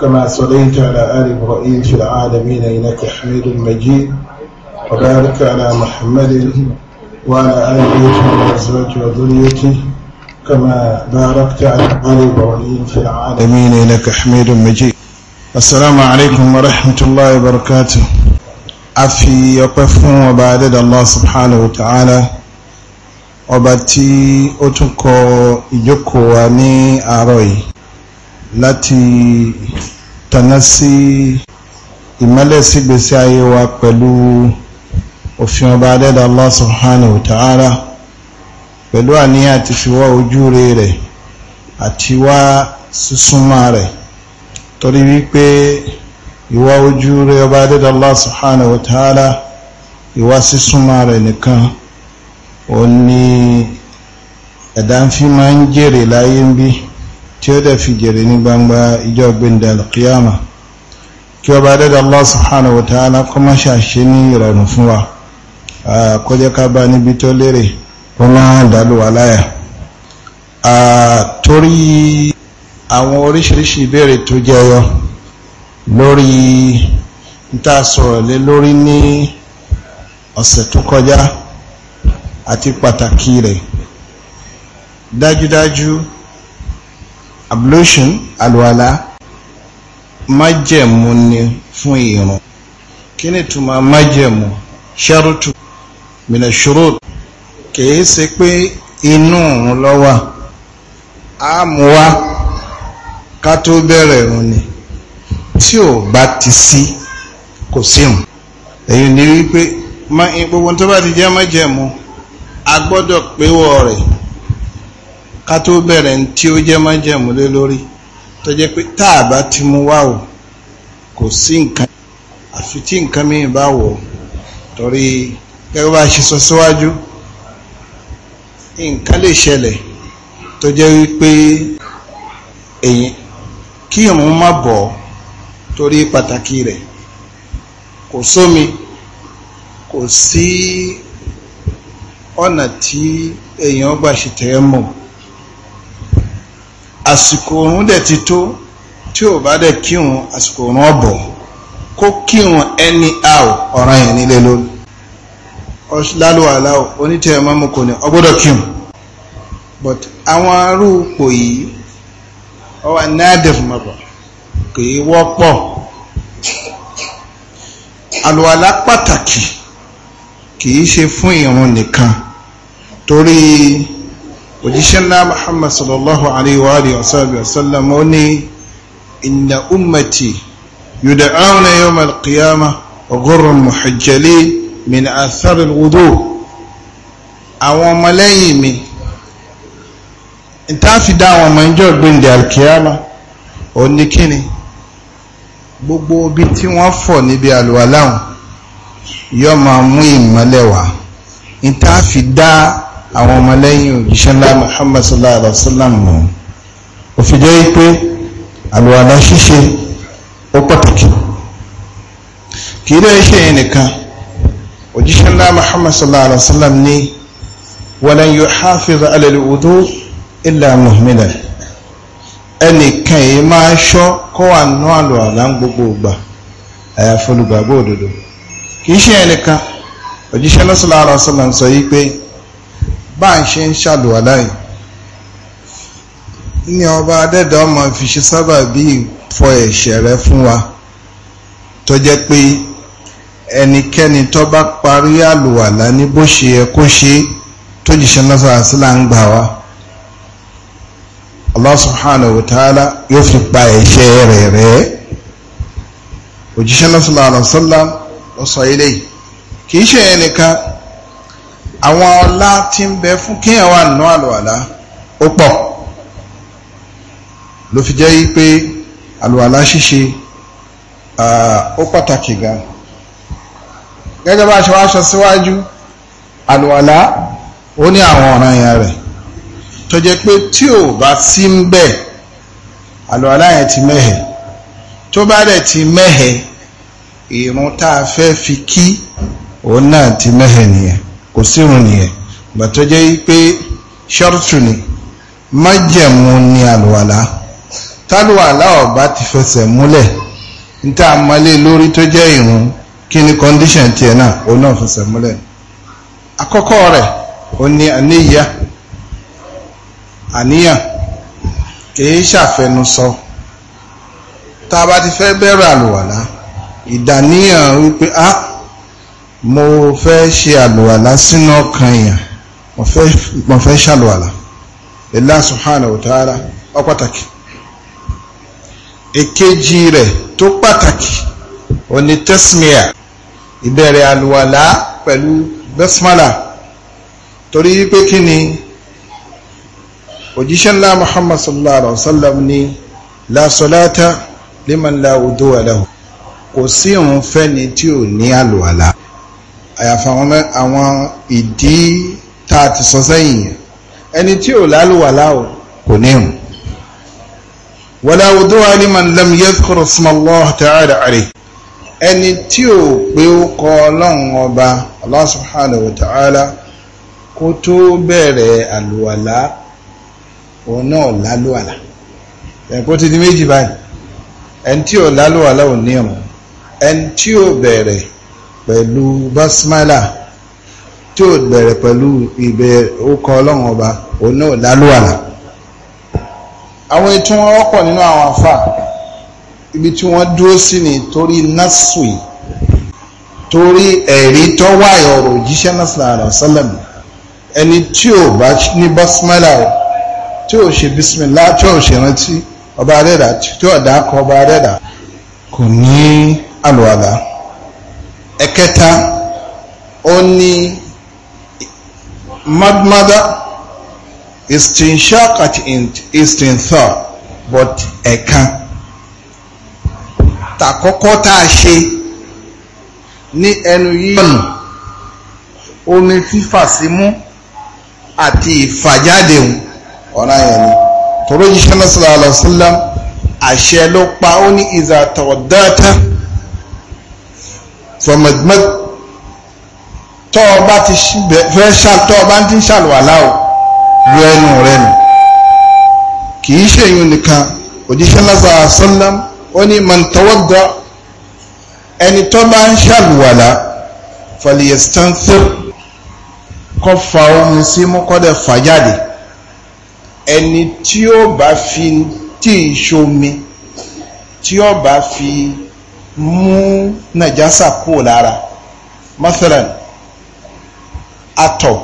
كما صليت على آل إبراهيم في العالمين إنك حميد مجيد وبارك على محمد وعلى آل بيته وأزواجه وذريته كما باركت على آل إبراهيم في العالمين إنك حميد مجيد السلام عليكم ورحمة الله وبركاته أفي يقفون وبعدد الله سبحانه وتعالى وباتي أتوكو يجوكو واني أروي láti tàná sí ìmọ́lẹ̀ sígbésí ayé wa pẹ̀lú òfin ọba adẹ́dà Allah subhanahu wa ta'ala pẹ̀lú àníyàn àti fi wá ojúure rẹ̀ àti wá sísúnmọ́ rẹ̀ torí wípé ìwá ojúure ọba adẹ́dà Allah subhanahu ìwá sísúnmọ́ rẹ̀ nìkan ó ní ẹ̀dá ń fi máa ń jèrè láyé ń bí tí ó dẹ̀ fi jèrè ní gbangba ìjọ gbẹ̀ndẹ̀ alkiyama kí ọba dẹ́dẹ̀ Allah subhanahu wa ta'ala kọ́ má ṣàṣe ní ìrọ̀rùn fún wa kó jẹ́ ká bá níbi tó lérè kó má dàlú wa láyà torí àwọn oríṣiríṣi ìbéèrè tó jẹyọ lórí níta sọ̀rọ̀ lé lórí ní ọ̀sẹ̀ tó kọjá àti pàtàkì rẹ̀ dájúdájú. Dájú, ablution alwala májẹ̀mú ni fún ìrun kí ni túmọ̀ májẹ̀mú ṣẹ́rùtù mina shurut kìí ṣe pé inú òun lọ́wà á mú wá ká tó bẹ̀rẹ̀ ìrun ni tí ò bá ti sí kò síhùn èyí ni wípé gbogbo tó bá ti jẹ́ májẹ̀mú a gbọ́dọ̀ péwọ́ rẹ̀ ká tó bẹ̀rẹ̀ tí ó jẹ́ májẹ̀mú lé lórí tó jẹ́ pé táà bá ti mú wá o kò sí nǹkan àfi tí nǹkan mìíràn bá wọ̀ torí gẹ́gẹ́ bá ṣe sọ síwájú nǹkan lè ṣẹlẹ̀ tó jẹ́ wípé èyí kí òun má bọ̀ torí pàtàkì rẹ̀ kò sómi kò sí ọ̀nà tí èèyàn gbà ṣe tẹ̀ mọ́ àsìkò òrùn dẹ̀ ti tó tí ò bá dẹ̀ kírun àsìkò òrùn ọ̀bọ̀ kó kírun ẹni àwọ̀ ọ̀ràn yẹn nílé lórí lálùwàláwò onítẹ̀ẹ́ mọ́mú kò ní ọgbọ́dọ̀ kírun but àwọn arúgbó yìí ọwà nádẹ̀fù mọ̀pọ̀ kì í wọ́pọ̀ àlùwàlá pàtàkì kì í ṣe fún ìrun nìkan torí òjíṣẹ́ ńlá muhammad sallallahu alayhi wa alihi wa sallam ó ní inna ummati yud'auna yawm al-qiyamah ghurran muhajjalin min athar al-wudu àwọn ọmọlẹ́yìn mi ìtàfi dá àwọn ọmọ ìjọ gbìndẹ̀ al-qiyamah ó ní kíni gbogbo ibi tí wọ́n fọ̀ níbi àlùwàláhùn yóò máa mú ìmọ́lẹ̀ wá ìtàfi dá àwọn ọmọlẹ́yìn òjíṣẹ́ ńlá Muhammad sallallahu alaihi wa sallam mọ̀ ó fi jẹ́ pé àlùwàlá ṣíṣe ó pàtàkì kì í dẹ́ ṣe yẹn nìkan òjíṣẹ́ ńlá Muhammad sallallahu alaihi wa sallam ní walan yuhafiz ala al-wudu illa muhmila ẹnìkan yìí máa ṣọ́ kó wà nù àlùwàlá gbogbo ìgbà àyàfi òdodo kì í ṣe yẹn nìkan òjíṣẹ́ ńlá sallallahu alaihi wa sọ yìí pé bá ń ṣe ń ṣàlùwàlá yìí ní ọba adẹ́dàá ọmọ fi ṣe sábà bí ìfọ ẹ̀ṣẹ̀ rẹ fún wa tó jẹ́ pé ẹnikẹ́ni tó bá parí àlùwàlá ní bó ṣe yẹ kó ṣe tó jìṣẹ́ lọ́sọ̀rọ̀ sílá ń gbà wá Allah subhanahu wa yóò fi pa ẹ̀ṣẹ̀ rẹ̀ rẹ̀ òjíṣẹ́ lọ́sọ̀rọ̀ àlọ́sọ́lá lọ́sọ̀ ilé kì í ṣe ẹnìkan àwọn ọlá tí ń bẹ fún kíyàn wà nínú àlùwàlá ó pọ̀ ló fi jẹ́ yí pé àlùwàlá ṣíṣe ó pàtàkì gan gẹ́gẹ́ bá ṣe wá aṣọ síwájú àlùwàlá ó ní àwọn ọ̀ràn yẹn rẹ̀ tó jẹ́ pé tí ò bá sí ń bẹ àlùwàlá yẹn ti mẹ́hẹ̀ tó bá dẹ̀ ti mẹ́hẹ̀ ìrun tá a fẹ́ fi kí òun náà ti mẹ́hẹ̀ nìyẹn kòsí sírun nìyẹn ìgbà tó jẹ́ pé ṣọ́ọ̀tù ni má májẹ̀mú ni àlùwàlá tálùwàlá ọ̀bá ti fẹsẹ̀ múlẹ̀ níta àmọ́lé lórí tó jẹ́ ìrun kí ni kọ́ndíṣàn tiẹ̀ náà òun náà fẹsẹ̀ múlẹ̀ àkọ́kọ́ rẹ̀ ó ní àníyá àníyàn kìí ṣàfẹnusọ tá a bá ti fẹ́ bẹ̀rẹ̀ àlùwàlá ìdàníyàn wípé ah mo fẹ́ ṣe àlùwàlá sínú ọkàn èèyàn mo fẹ́ ṣàlùwàlá Allah subhanahu wa ta'ala ó pàtàkì èkejì rẹ̀ tó pàtàkì ó ní ìbẹ̀rẹ̀ àlùwàlá pẹ̀lú basmala torí wípé kí ni òjíṣẹ́ ńlá Muhammad sallallahu alaihi wasallam ni la salata liman la wudu'a lahu kò sí òun fẹ́ni tí ò ní àlùwàlá àyàfà àwọn ìdí tá a ti sọ sẹ́yìn yẹn ẹni tí ò lálùwàlá o kò ní ìrun wala wudu'a liman lam yadhkur ismallahi ta'ala alayhi ẹni tí ò pé ó kọ ọlọ́run ọba Allah subhanahu wa kó tó bẹ̀rẹ̀ àlùwàlá òun náà lálùwàlá ẹ̀kọ́ ti di méjì báyìí ẹni tí ò lálùwàlá ò ní ìrun ẹni tí ò bẹ̀rẹ̀ pẹ̀lú basmala tí ó bẹ̀rẹ̀ pẹ̀lú ìbẹ̀ orúkọ ọlọ́run ọba òun náà lálùwàlà àwọn ètò wọn wọ́pọ̀ nínú àwọn afa ibi tí wọ́n dúró sí ni torí nasui torí ẹ̀rí tó ọ̀rọ̀ òjíṣẹ́ sallallahu alaihi ẹni tí ò bá ní basmala o tí ò ṣe bisimilá tí ò ṣe rántí ọba rẹ̀dà tí ò dákọ̀ ọba rẹ̀dà kò ní àlùwàlà ẹ̀kẹta oni ní madmada istinshaq àti istinthar but ẹ̀kan tàkọ́kọ́ tá a ṣe ní ẹnu yíyọ̀nù ó ní fífà símú àti ìfàjáde ọ̀nà yẹn ni torí jíṣẹ́ náà sallallahu alaihi àṣẹ ló pa ó ní ìzàtọ̀dáta fọmọdúnmọ́ tọ́ ọ bá ti fẹ́ tọ́ ọ bá ti ń ṣàlùwàlá o lu ẹnu rẹ nù kì í ṣe èyí nìkan òjíṣẹ́ lọ́sà sọ́lám ó ní mọ̀ntọ́wọ́dọ́ ẹni tó bá ń ṣàlùwàlá fọlìyẹ̀sítánṣẹ́ kọ́ fa omi sí mú kọ́dẹ̀ ẹni tí ó bá fi tí ì ṣomi tí ó bá fi mú nàjásà kúrò lára mathalan atọ̀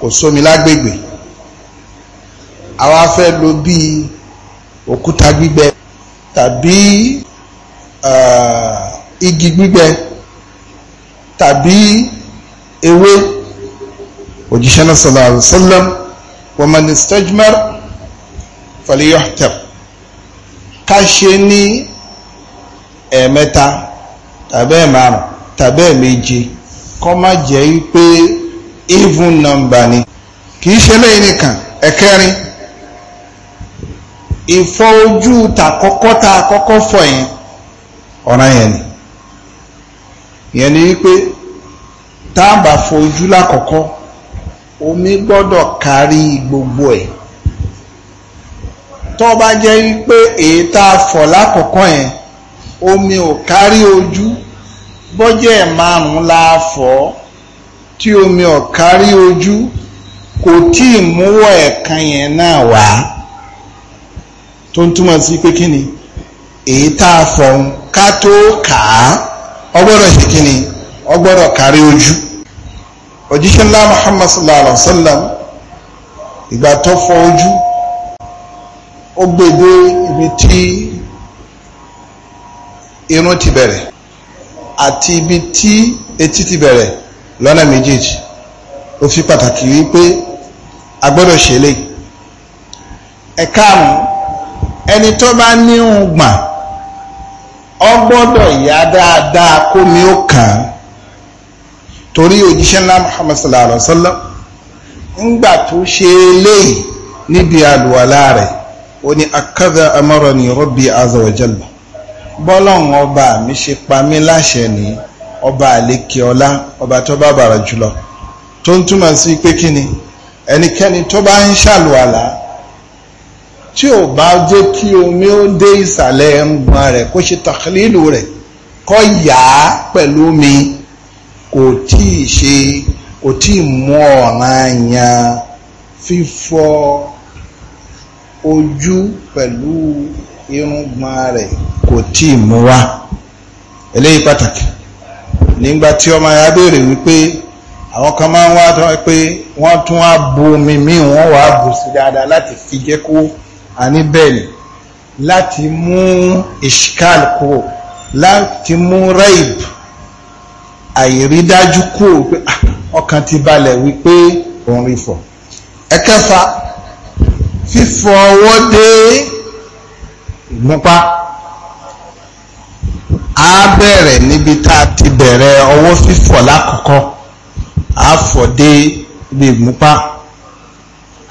kò sómi lágbègbè àwa fẹ́ lo bíi òkúta gbígbẹ tàbí eh, igi gbígbẹ tàbí ewé òjíṣẹ́ náà sallallahu alaihi wasallam wa man istajmar falyuhtar ká ṣe ní ẹ̀ẹ̀mẹ́ta tàbí ẹ̀ẹ̀márùn tàbí ẹ̀ẹ̀méje kọ́ má jẹ́ wípé even number ni kì í ṣe lẹ́yìn nìkan ẹ̀kẹrin ìfọ ojú tàkọ́kọ́ tá a kọ́kọ́ fọ yẹn ọ̀ràn yẹn ni ìyẹn ni wípé tá fọ ojú lákọ̀ọ́kọ́ omi gbọ́dọ̀ kárí gbogbo ẹ̀ tó bá jẹ́ wípé èyí tá a fọ̀ lákọ̀ọ́kọ́ yẹn omi ò kárí ojú bọ́jẹ́ márùn-ún la fọ́ tí omi ò kárí ojú kò tí ì múwọ́ ẹ̀kan yẹn náà wá tó ń túmọ̀ sí pé ni èyí tá a fọ̀hún ká tó kà á ọgbọ́dọ̀ ṣe kí ni ọgbọ́dọ̀ kárí ojú òjíṣẹ́ ńlá Muhammad sallallahu alaihi wa fọ ojú ó gbèdé irun ti bẹ̀rẹ̀ àti ibi tí etí ti bẹ̀rẹ̀ lọ́nà méjèèjì ó fi pàtàkì wípé a gbọ́dọ̀ ṣe lè ẹ̀ka àrùn ẹni tó bá ní ùngbà ọ gbọ́dọ̀ yá dáadáa kó mi ó kàn án torí òjíṣẹ́ ńlá Muhammad sallallahu alaihi wa sallam ńgbà tó ṣe eléyìí níbi àlùwàlá rẹ̀ ó ní akadha amarani rabbi azza wa jalla bọ́lọ́run ọba mi ṣe pa mí láṣẹ ní ọba àlékè ọlá ọba tó bá bàrà jùlọ tó ń túmọ̀ sí pé kí ni ẹnikẹ́ni tó bá ń ṣàlùwàlá tí ò bá jẹ́ kí omi ó dé ìsàlẹ̀ ẹ̀ǹgbọ̀n rẹ̀ kó ṣe tàkìlìlù rẹ̀ kọ́ yà á pẹ̀lú mi kò tí ì ṣe kò tí ì mú ọ̀ràn yan fífọ ojú pẹ̀lú irùngbọ̀n rẹ̀ kò tí ì mú wá eléyìí pàtàkì nígbà tí ọmọ ya béèrè wípé àwọn kan máa ń wá tọ́ pé wọ́n tún wá bu omi míì wọ́n wá bù sí dáadáa láti fi jẹ́ kó àní bẹ́ẹ̀ ni láti mú ìṣkàl kúrò láti mú raib àìrídájú kúrò pé ah, ọkàn ti balẹ̀ wípé òun rí fọ̀ ẹ̀kẹfà fífọ ọwọ́ dé ìgúnpá a bẹ̀rẹ̀ níbi tá a ti bẹ̀rẹ̀ ọwọ́ fífọ̀ lákọ̀ọ́kọ́ a fọ̀ dé ibi ìgúnpá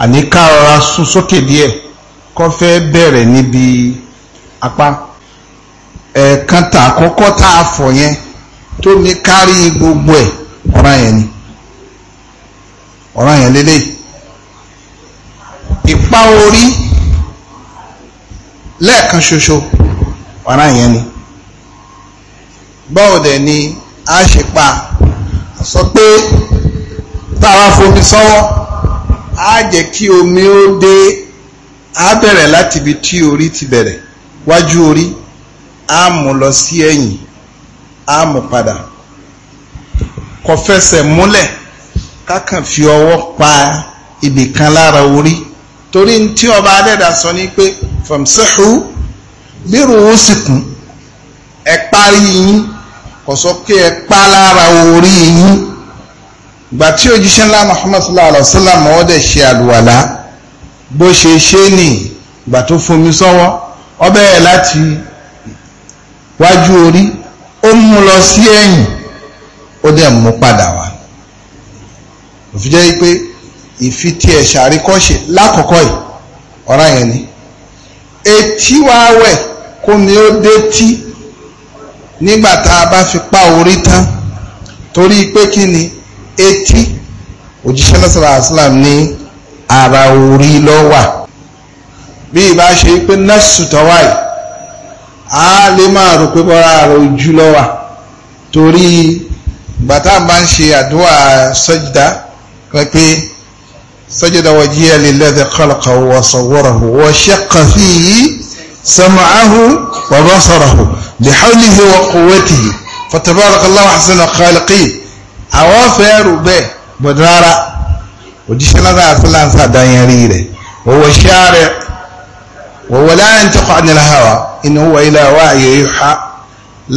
àní ká rọra sún sókè díẹ̀ kọ́ fẹ́ bẹ̀rẹ̀ níbi apá ẹ̀ẹ̀kan tà àkọ́kọ́ tá a fọ̀ yẹn tó ní kárí gbogbo ẹ̀ ọ̀ràn yẹn ni ọ̀ràn yẹn lélẹ́yìí ìpá orí lẹ́ẹ̀kan ṣoṣo ọ̀rá yẹn ni báwo dẹ̀ ni a ṣe pa sọ pé táwa fomi sọ́wọ́ a jẹ́ kí omi ó dé a bẹ̀rẹ̀ láti ibi tí orí ti bẹ̀rẹ̀ wájú orí a mú lọ sí ẹ̀yìn a mú padà kò múlẹ̀ kákan fi ọwọ́ pa ibìkan lára orí torí tí ọba adẹ́dà sọ ní pé famsahu bi ru'usikum ẹ parí yín kò sọ pé ẹ pa lára orí yín gbà tí òjíṣẹ́ ńlá Muhammad sallallahu alaihi wa sallam ọ̀dẹ̀ ṣe àlùwàlá bó ṣe ṣe nì gbà tó fomi sọ́wọ́ ọbẹ̀ ẹ̀ láti wájú orí ó mú lọ sí ẹ̀yìn ó dẹ̀ mú padà wá òfin jẹ́ pé ìfití ẹ̀ ṣàríkọ́ṣe lákọ̀ọ́kọ́ yìí ọ̀ràn yẹn ni etí wa wẹ̀ kó ni ó dé tí nígbà tá a bá fi pa orí tán torí pé kí ni etí òjíṣẹ́ lọ́sọ̀rọ̀ àṣìlám ní ara orí ló wà bí ìbá ṣe pé nọ́ọ̀sì tó wà yìí a lè máa rò pé bọ́ra ara ojú ló wà torí ìgbà bá ń ṣe àdúrà sọ́jìdá pé pé. سجد وجهه للذي خلقه وصوره وشق فيه سمعه وبصره بحوله وقوته فتبارك الله احسن الخالقين awafẹ́rù bẹ́ẹ̀ gbọ̀dọ̀ rárá òjíṣẹ́ lára àfúláńsà dáyẹ̀rí rẹ̀ wọ́wọ́ ṣáàrẹ̀ wọ́wọ́ láyé ń tẹ́kọ̀ ànìláhàwá inú wọ ilẹ̀ wa àyèyí ha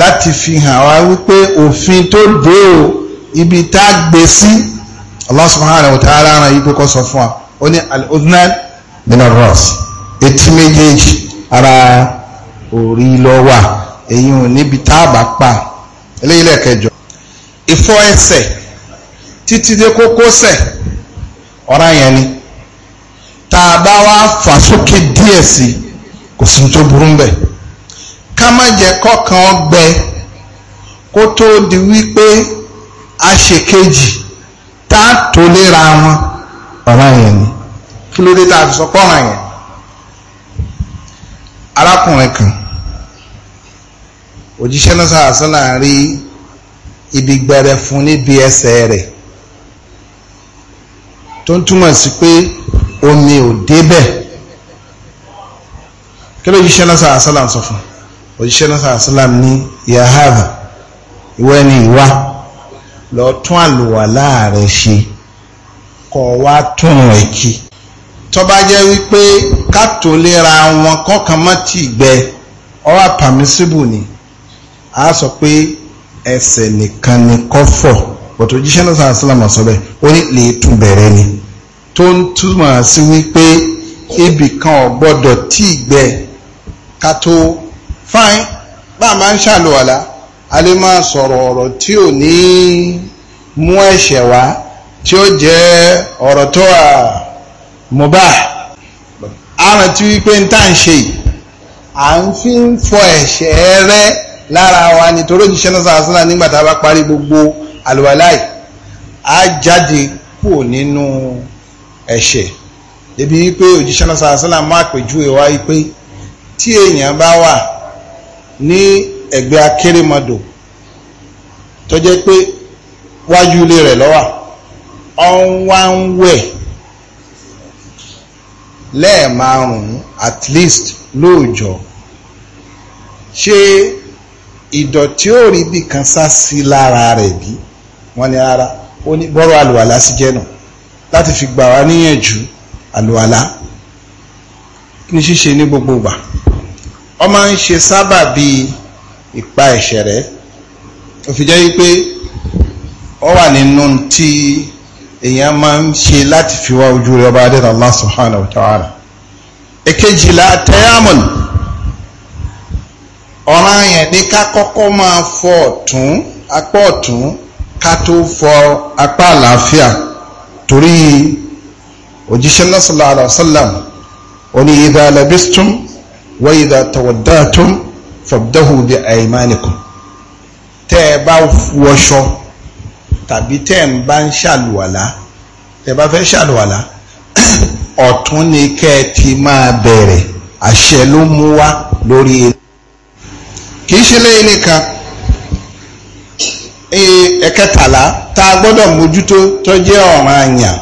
láti fi hàn wá wípé òfin tó dé o ibi tá a gbé sí Allah subhanahu wa ta'ala ràn yí pé kó sọ fún wa ó ní al-udhnan min ar-ras etí méjèèjì ara orí ló wà èyí ò níbi tá a bá pa eléyìí lẹ́ẹ̀kẹjọ ìfọ ẹsẹ̀ títí dé kókósẹ̀ ọ̀rá yẹn ni tá a bá wá fà sókè díẹ̀ sí kò sí tó burú ń bẹ̀ ká má jẹ́ kọ́kàn ọgbẹ kó tó di wípé a ṣe kejì tá a tó léra wọn ọ̀ràn yẹn ni kí ló dé tá a fi sọ pọ́nrán yẹn arákùnrin kan òjíṣẹ́ náà sàásánà rí ibi gbẹrẹ fún níbi ẹsẹ̀ rẹ̀ tó ń túmọ̀ sí pé omi ò débẹ̀ kí ló jíṣẹ́ náà sàásánà sọ fún òjíṣẹ́ náà sàásánà ní yahava ìwọ ẹni ìwà lọ tún àlùwàlá rẹ̀ ṣe kọ̀ wá tún rẹ̀ kí tó bá jẹ́ wípé kátó léra wọn kọ́kàn mọ́ tí gbẹ ọwọ́ pàmísìbù ni a sọ pé ẹsẹ̀ nìkan ni kọ́fọ̀ bọ̀tò jíṣẹ́ náà sàn sílámà sọ bẹ́ẹ̀ ó ní lè tún bẹ̀rẹ̀ ni tó ń túmọ̀ sí wípé ibì kan ò gbọ́dọ̀ tí gbẹ kátó fáin bá a máa ń ṣàlùwàlá a lè máa sọ̀rọ̀ ọ̀rọ̀ tí ò ní mú ẹ̀ṣẹ̀ wá tí ó jẹ́ ọ̀rọ̀ tó à mọ̀bá àrùn tí wípé ń tà ń ṣe yìí à ń fi ń fọ ẹ̀ṣẹ̀ rẹ́ lára wa nítorí òjíṣẹ́ náà sàásánà nígbà tá a bá parí gbogbo àlùwàláì á jáde kúrò nínú ẹ̀ṣẹ̀ débi wípé òjíṣẹ́ náà sàásánà máa pèjú ìwà wípé tí èèyàn bá wà ní ẹ̀gbẹ́ akérèmọdò tó jẹ́ pé wájú ilé rẹ̀ lọ́wà ọ̀nwáńwẹ̀ lẹ́ẹ̀márùn-ún at least lóòjọ́ ṣé ìdọ̀tí ò rí bí kan sá sí lára rẹ̀ bí wọ́n ní rárá ó ní bọ́rọ̀ àlùwàlá sí jẹ́ nù láti fi gbà wá níyànjú àlùwàlá ní ṣíṣe ní gbogbo ìgbà ó máa ń ṣe sábà bíi ìpa ẹ̀ṣẹ̀ rẹ̀ ó fi jẹ́ wípé ó wà nínú tí èèyàn máa ń ṣe láti fi wá ojú rẹ̀ ọba adẹ́nà Allah subhanahu wa ta'ala èkejìlá tẹ́yàmùn ọ̀ràn yẹn ní ká kọ́kọ́ máa fọ ọ̀tún apá ọ̀tún ká tó fọ apá àlàáfíà torí òjíṣẹ́ náà sallallahu alaihi wasallam oní idha labistum wa idha tawaddatum fabdahu bi aymanikum tẹ́ ẹ bá wọṣọ tàbí tẹ́ ẹ bá ń ṣàlùwàlá tẹ́ ẹ bá fẹ́ ṣàlùwàlá ọ̀tún ni kẹ́ ẹ ti máa bẹ̀rẹ̀ àṣẹ ló mú wá lórí ilé kì í ṣe lẹ́yìn nìkan ẹ̀kẹtàlá tá a gbọ́dọ̀ mójútó tó jẹ́ ọ̀ràn àyàn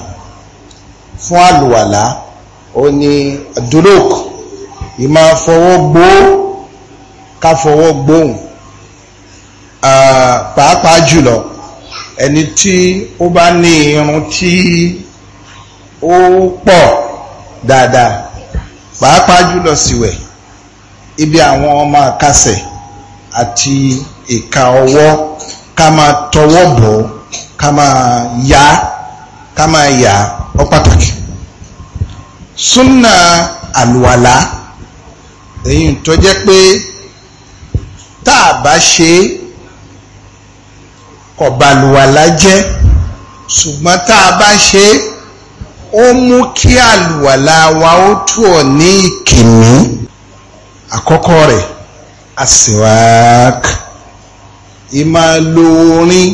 fún àlùwàlá ó ní dúróòkù ìmáa fọwọ́ gbòó ká fọwọ́ gbóhùn pàápàá jùlọ ẹni tí ó bá ní irun tí ó pọ̀ dáadáa pàápàá jùlọ síwẹ̀ ibi àwọn ọmọ àkàsẹ̀ àti ìka ọwọ́ ká máa tọwọ́ bọ̀ ká máa yá ká máa yá ọ pàtàkì súnà àlùwàlá èyí tó jẹ́ pé tá a bá ṣe é kò bàlùwàlá jẹ́ ṣùgbọ́n tá a bá ṣe é ó mú kí àlùwàlá wa ó tù ọ́ ní ìkìmí àkọ́kọ́ rẹ̀ asiwak ìmọ̀ lo orin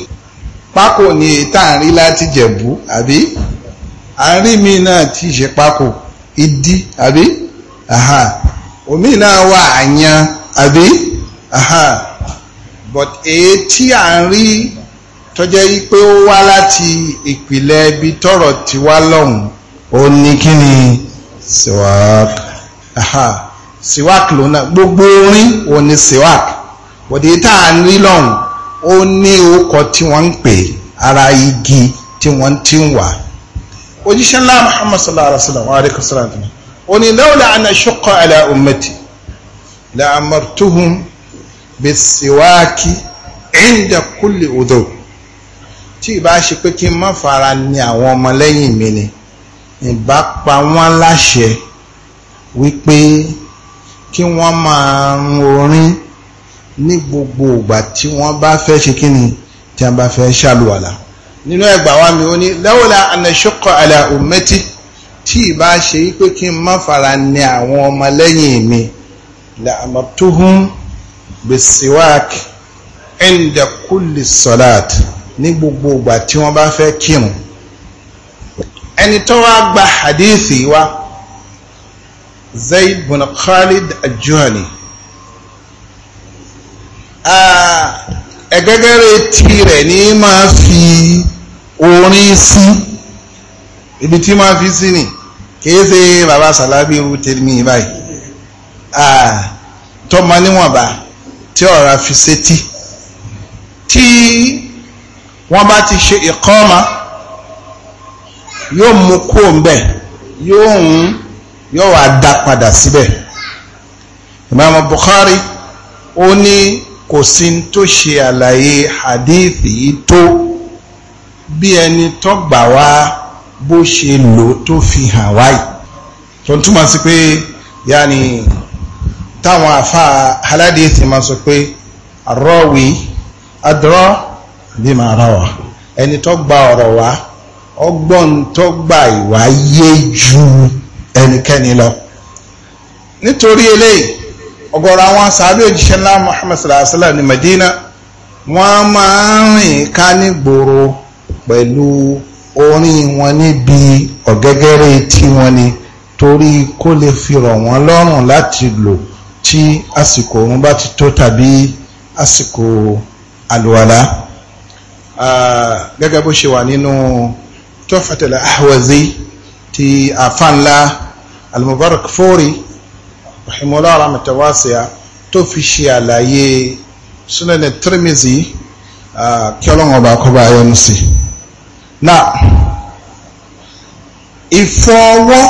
pákò ni tá à ń rí láti jẹ̀bú àbí à ń rí mi náà tí ṣe pákò ìdí àbí omi náà wà àyàn àbí but èyí tí à ń rí tọ́jẹ́ yí pé ó wá láti ìpìlẹ̀ ibi tọ́rọ̀ ti wá lọ́hùn ó ní kí ni siwak siwak ló náà gbogbo orin ò ní siwak bọ̀dé tá à ń rí lọ́hùn ó ní orúkọ tí wọ́n ń pè ara igi tí wọ́n ti ń wà òjíṣẹ́ ńlá muhammad sallallahu alaihi wa sallam wa alaikum salam ó ní lawla an ashqa ala ummati la amartuhum bẹ̀síwáàkì ẹ̀ńdà kúlẹ̀ odò tí ìbá ṣe pé kí n má fara ni àwọn ọmọlẹ́yìn mi ni ìbá pa wọ́n láṣẹ wípé kí wọ́n máa rún orin ní gbogbo ìgbà tí wọ́n bá fẹ́ ṣe kí ni tí wọ́n bá fẹ́ ṣàlùwàlà nínú ẹgbà wa mi ó ní lawla anna shaqqa ala tí ìbá ṣe wípé kí n má fara ni àwọn ọmọlẹ́yìn mi la amartuhum bisiwak ẹnda kulli sọlat ní gbogbo ìgbà tí wọ́n bá fẹ́ kírun ẹni tó wá gba hadithi wa zayd bin khalid ajuhani ẹgbẹgẹrẹ tirẹ̀ ní máa fi orin sí ibi tí máa fi sí ni kìí ṣe baba salabi irú tèmi báyìí tọmọ níwọ̀nba tí ọ̀rá fi sétí tí wọ́n bá ti ṣe ìkọ́ọ̀mà yóò mú kúrò ń bẹ̀ yóò ń yóò wá dá padà síbẹ̀ ìmáàmù Bukhari ó ní kò sí tó ṣe àlàyé hadithi yìí tó bí ẹni tó gbà wá bó ṣe lò tó fi hàn wáyìí tó ń túmọ̀ sí pé yáni. Yani, táwọn àfáà aládìsí máa sọ pé àrọ́wì adúrọ́ àbí máa rà wá ẹni tó gba ọ̀rọ̀ wá ọgbọ́n tó gba ìwà yé ju ẹnikẹ́ni lọ nítorí eléyìí ọ̀gọ̀rọ̀ àwọn sàábẹ́ òjíṣẹ́ ńlá Muhammad sallallahu alaihi wasallam ní Medina wọ́n máa ń rìn ká ní gbòòrò pẹ̀lú orin wọn níbi ọ̀gẹ́gẹ́rẹ́ tí wọ́n ni torí kó lè fi rọ̀ wọ́n lọ́rùn láti lò tí àsìkò òun bá ti tó tàbí àsìkò àlùwàlá gẹ́gẹ́ bó ṣe wà nínú Tuhfatul Ahwazi ti àfáànlá al-Mubarakfuri rahimahullah rahmatan wasi'a tó fi ṣe àlàyé Sunan Tirmidhi kí ọlọ́run ọba kọ́ bá yọnu sí náà ìfọwọ́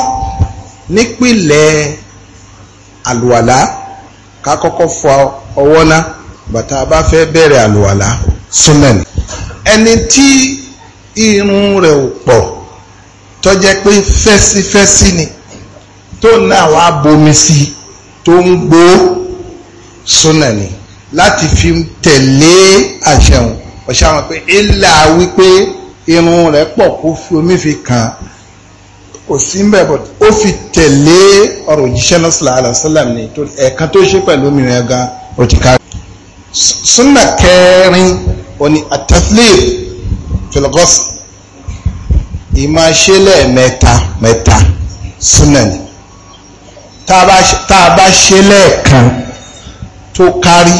nípìnlẹ̀ àlùwàlá ká kọ́kọ́ fọ ọwọ́ ná bàtà bá fẹ́ bẹ̀rẹ̀ àlùwàlá súnmẹ́nì ẹni tí irun rẹ̀ ò pọ̀ tó jẹ́ pé fẹ́sífẹ́sí ni tó náà wá bomi sí tó ń gbó súnmẹ́nì láti fi tẹ̀lé àṣẹ̀wọ̀n ọ̀ṣà wọn pé ilà wípé irun rẹ̀ pọ̀ kó omi fi kàn án kò sí ń bẹ̀bọ̀ ó fi tẹ̀lé ọ̀rọ̀ òjíṣẹ́ náà sallallahu alaihi wasallam ni ẹ̀ẹ̀kan tó ṣe pẹ̀lú mi rẹ̀ gan ó ti ká. súnà kẹrin òní àtẹ́flẹ́ẹ̀ fìlọ́gọ́sì ìmáṣẹ́lẹ̀ mẹ́ta mẹ́ta súnà ni tá a bá ṣe lẹ́ẹ̀kan tó kárí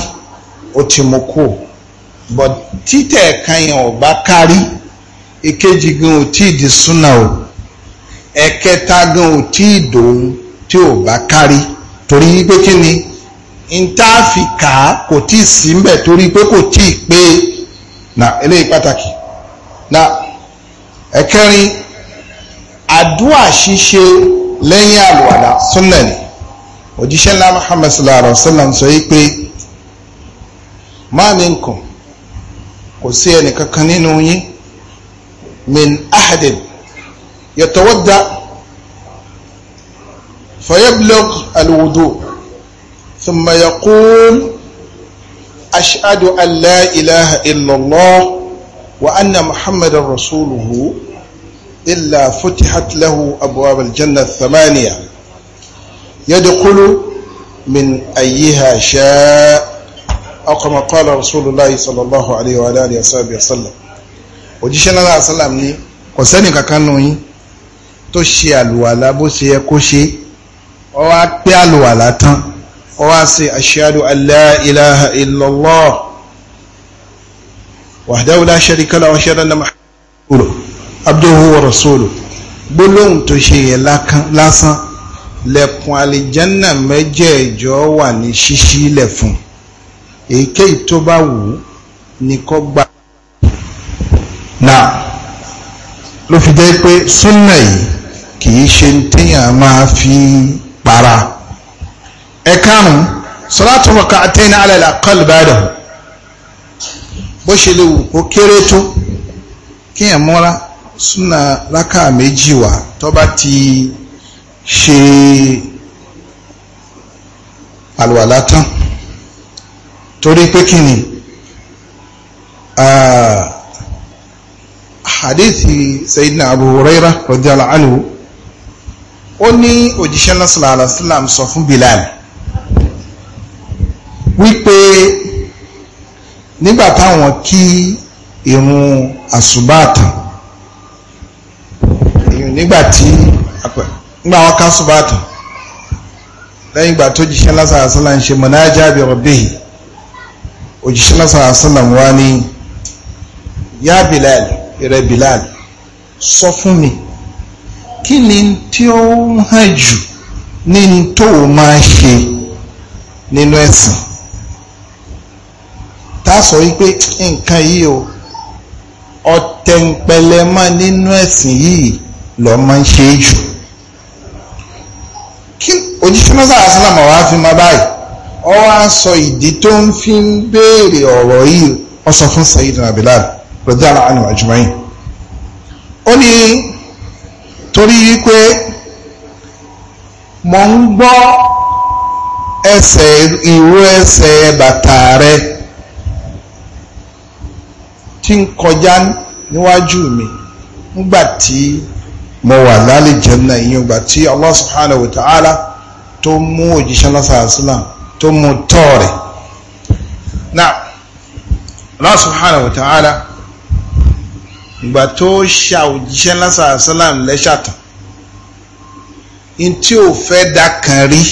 ó ti mú kú bọ̀ títẹ̀ kan yẹn ò bá kárí èkejì gan ò tí ì di súnà o ẹ̀kẹta gan ò tí ì dòun tí ò bá kárí torí wípé kí ni ntaafika kò tí ì sí mbẹ torí pé kò tí ì pé na eléyìí pàtàkì na ẹ̀kẹrin àdúà ṣíṣe lẹ́yìn àlùwàlà súnà ni òjíṣẹ́ ńlá Muhammad sallallahu alaihi wa sallam sọ yìí pé máa mi kò sí ẹnìkankan nínú yín min ahadin يتودع فيبلغ الوضوء ثم يقول أشهد أن لا إله إلا الله وأن محمد رسوله إلا فتحت له أبواب الجنة الثمانية يدخل من أيها شاء أو كما قال رسول الله صلى الله عليه وآله وصحبه وسلم òjíṣẹ́ náà sálàm ní kò sẹ́nì kankan nù tó ṣe àlùwàlá bó ṣe yẹ kó ṣe ó wá pé àlùwàlá tán ó wá ṣe ashhadu an la ilaha illallah wahdahu la sharika lahu wa ashhadu anna muhammadan abduhu wa rasuluhu gbólóhùn tó ṣe yẹ lásán lẹ̀kùn àlìjánà mẹ́jẹ̀ẹ̀jọ wà ní ṣíṣí ilẹ̀ èyíkéyìí tó bá wù ú ni kó gbà náà ló fi jẹ́ pé súnnà yìí kìí ṣe téèyàn máa fi para ẹ̀karùn-ún sọ́látù rak'atayn ala al-aqall ba'dahu bó ṣe lè wù kó kéré tó kíyàn múra súnà rákà méjì wá tó bá ti ṣe àlùwàlá tán torí pé kí ni hadithi sayyidina abu huraira radiyallahu anhu ó ní òjíṣẹ́ lọ́sọ̀lá alásìlám sọ fún Bilal wípé nígbà táwọn kí irun àsùbáàtà èyàn nígbà tí nígbà wọn ká àsùbáàtà lẹ́yìn ìgbà tó jíṣẹ́ lọ́sọ̀lá alásìlám ń ṣe mọ̀nájà bí rọ̀bẹ́yì òjíṣẹ́ lọ́sọ̀lá alásìlám wá ní yá Bilal ìrẹ Bilal sọ fún mi kí ni tí ó hàn jù ní tó o máa ṣe nínú ẹ̀sìn tá a sọ wípé nǹkan yìí o ọ̀tẹ̀ǹpẹ̀lẹ̀mọ́ nínú ẹ̀sìn yìí lọ máa ń ṣe jù kí òjíṣẹ́ náà sáà sílámù wá fi máa báyìí ọ wá sọ ìdí tó ń fi ń béèrè ọ̀rọ̀ yìí ọ sọ fún Sayyidina Bilal radiyallahu anhu ajma'in ó ní torí wípé mò ń gbọ́ ẹsẹ̀ ìró ẹsẹ̀ bàtà rẹ tí ń kọjá níwájú mi nígbà tí mo wà lálẹ́ jẹ́nà ìyẹn ìgbà tí Allah subhanahu wa ta'ala tó mú òjíṣẹ́ lọ́sàá islam tó mú tọ́ rẹ̀ náà Allah subhanahu wa ta'ala ìgbà tó ṣà òjíṣẹ́ lásà sálàm lẹ́ṣàtàn in tí ò fẹ́ dákan rí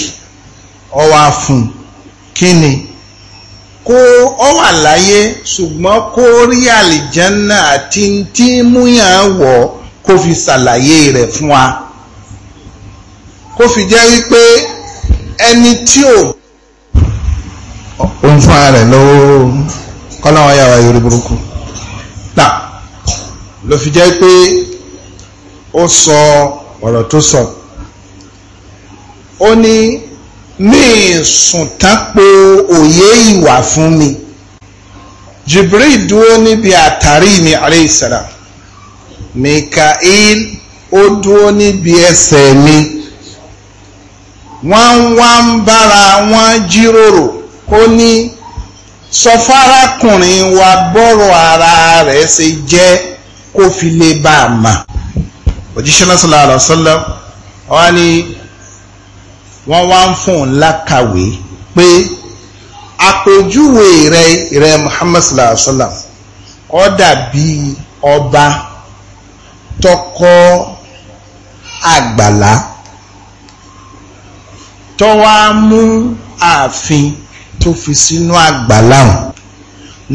ọwà fún kí ni kó ọ wà láyé ṣùgbọ́n kó rí àlìjánná àti tí múyàn wọ̀ kó fi ṣàlàyé rẹ̀ fún wa kó fi jẹ́ wípé ẹni tí ò ń fún ara rẹ̀ lọ́wọ́ kọ́láwọn yàrá yorùbá burúkú ló fi jẹ́ pé ó sọ ọ̀rọ̀ tó sọ ó ní mí sùntánpo òye ìwà fún mi Jibril dúró níbi àtàrí mi alayhi salam Mikael ó dúró níbi ẹsẹ̀ mi wọ́n wá ń bára wọn jíròrò ó ní sọ wa gbọ́rọ̀ ara rẹ̀ ṣe jẹ́ kó fi lè bá a mà òjíṣẹ́ náà sallallahu alaihi wasallam wọ́n ní wọ́n wá ń fún un lákàwé pé àpèjúwe rẹ rẹ Muhammad sallallahu alaihi wasallam ó dàbí ọba tó àgbàlá tó wá mú ààfin tó fi sínú àgbàlá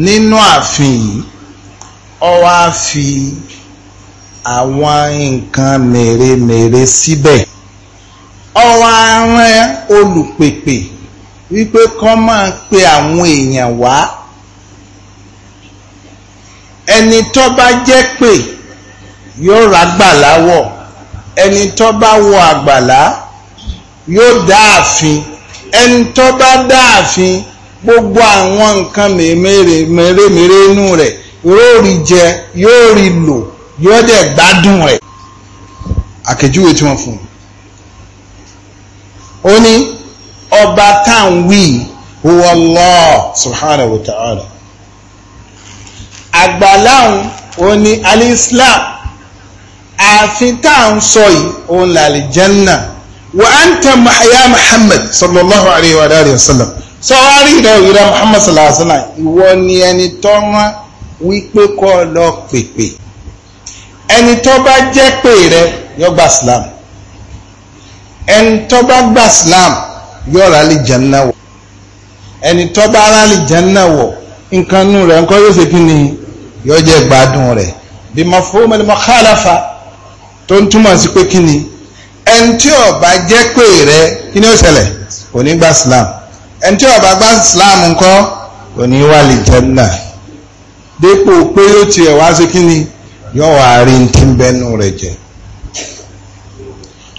nínú ààfin yìí ọ wá fi àwọn nǹkan mèremère síbẹ̀ ọ wá rán olùpèpè wípé kọ́ máa pe àwọn èèyàn wá ẹni tó bá jẹ́ pé yóò ra gbàlá wọ̀ ẹni tó bá wọ àgbàlá yóò dá àfin ẹni tó bá dá àfin gbogbo àwọn nǹkan mèremère inú rẹ̀ yóò rí jẹ yóò rí lò yóò dẹ̀ gbádùn ẹ̀ àkèjúwe tí wọ́n fún un. ó ní ọba táwọn wí huwa Allah subhanahu wa ta'ala àgbàláhùn ó ní alíslam ààfin táwọn sọ yìí òun làlẹ̀ jẹ́nà wa anta mahaya muhammad sallallahu alayhi wa sallam sọ wá rí ìrẹ́ ìrẹ́ muhammad sallallahu alayhi wa sallam ìwọ ni ẹni tọ́ wọn wípé kọ́ lọ pèpè ẹni tó bá jẹ́ pè rẹ yọ gba Islam ẹni tó bá gba Islam yọ ra lè jẹ́nà wọ̀ ẹni tó bá ra lè jẹ́nà wọ̀ nǹkan nù rẹ̀ nǹkan yóò ṣe kí ni yọ jẹ́ gbádùn rẹ̀ bí mo fún mi mo kálàfà tó ń túmọ̀ sí pé kí ni ẹni tí ó bá jẹ́ pè rẹ kí ni ó ṣẹlẹ̀ kò ní gba Islam ẹni tí ó bá gba Islam ńkọ́ kò ní wà lè jẹ́nà dépò pé yóò tiẹ̀ wá sí kíni yóò wá rí ti ń bẹnu rẹ̀ jẹ.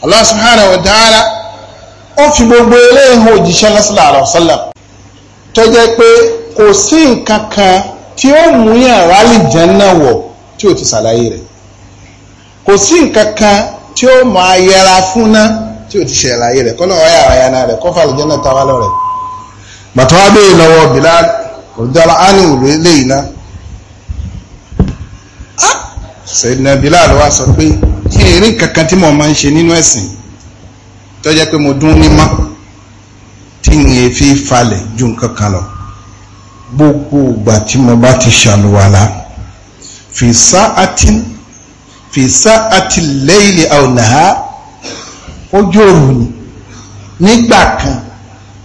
Allah subhanahu wa ta'ala ó fi gbogbo eléyìí hàn òjíṣẹ́ lọ́sọ̀lá àlọ́sọ̀lá tó jẹ́ pé kò sí nǹkan kan tí ó mú yàn rálì jẹ́ wọ̀ tí ò ti ṣàlàyé rẹ̀ kò sí nǹkan kan tí ó máa yẹra fún náà tí ò ti ṣàlàyé rẹ̀ kọ́nà ọ̀yà àyànà rẹ̀ kọ́fà àlùjẹ́ náà tawálọ̀ rẹ̀ bàtọ́ wá bẹ́ẹ̀ lọ́wọ́ Bilal òjọ́lá ánìwò lè iná Sayyidina Bilal wá sọ pé ìrìn kankan tí mo máa ń ṣe nínú ẹ̀sìn tó jẹ́ pé mo dún nímọ́ tí n yẹ fi falẹ̀ ju nǹkan kan lọ gbogbo ìgbà tí mo bá ti ṣàlùwàlá fi sáàtì fi sáàtì lẹ́yìnlẹ̀ àwòlàhá ojú òru nígbà kan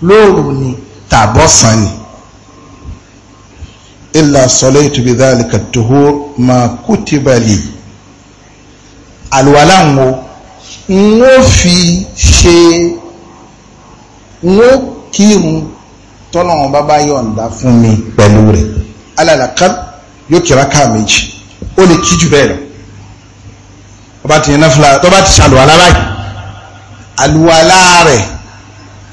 lóòru ni tàbọ̀sán ni illa salaitu bi dhalika tuhur ma kutiba li àlùwàlá ń wo ń ó fi ṣe ń ó kírun tọ́lọ́run bá bá yọ̀ǹda fún mi pẹ̀lú rẹ̀ alàlàkà yóò kí rákà méjì ó lè kí jù bẹ́ẹ̀ lọ tọ́ba ti yẹnà fúlà tọ́ba ti ṣàlùwàlá báyìí àlùwàlá rẹ̀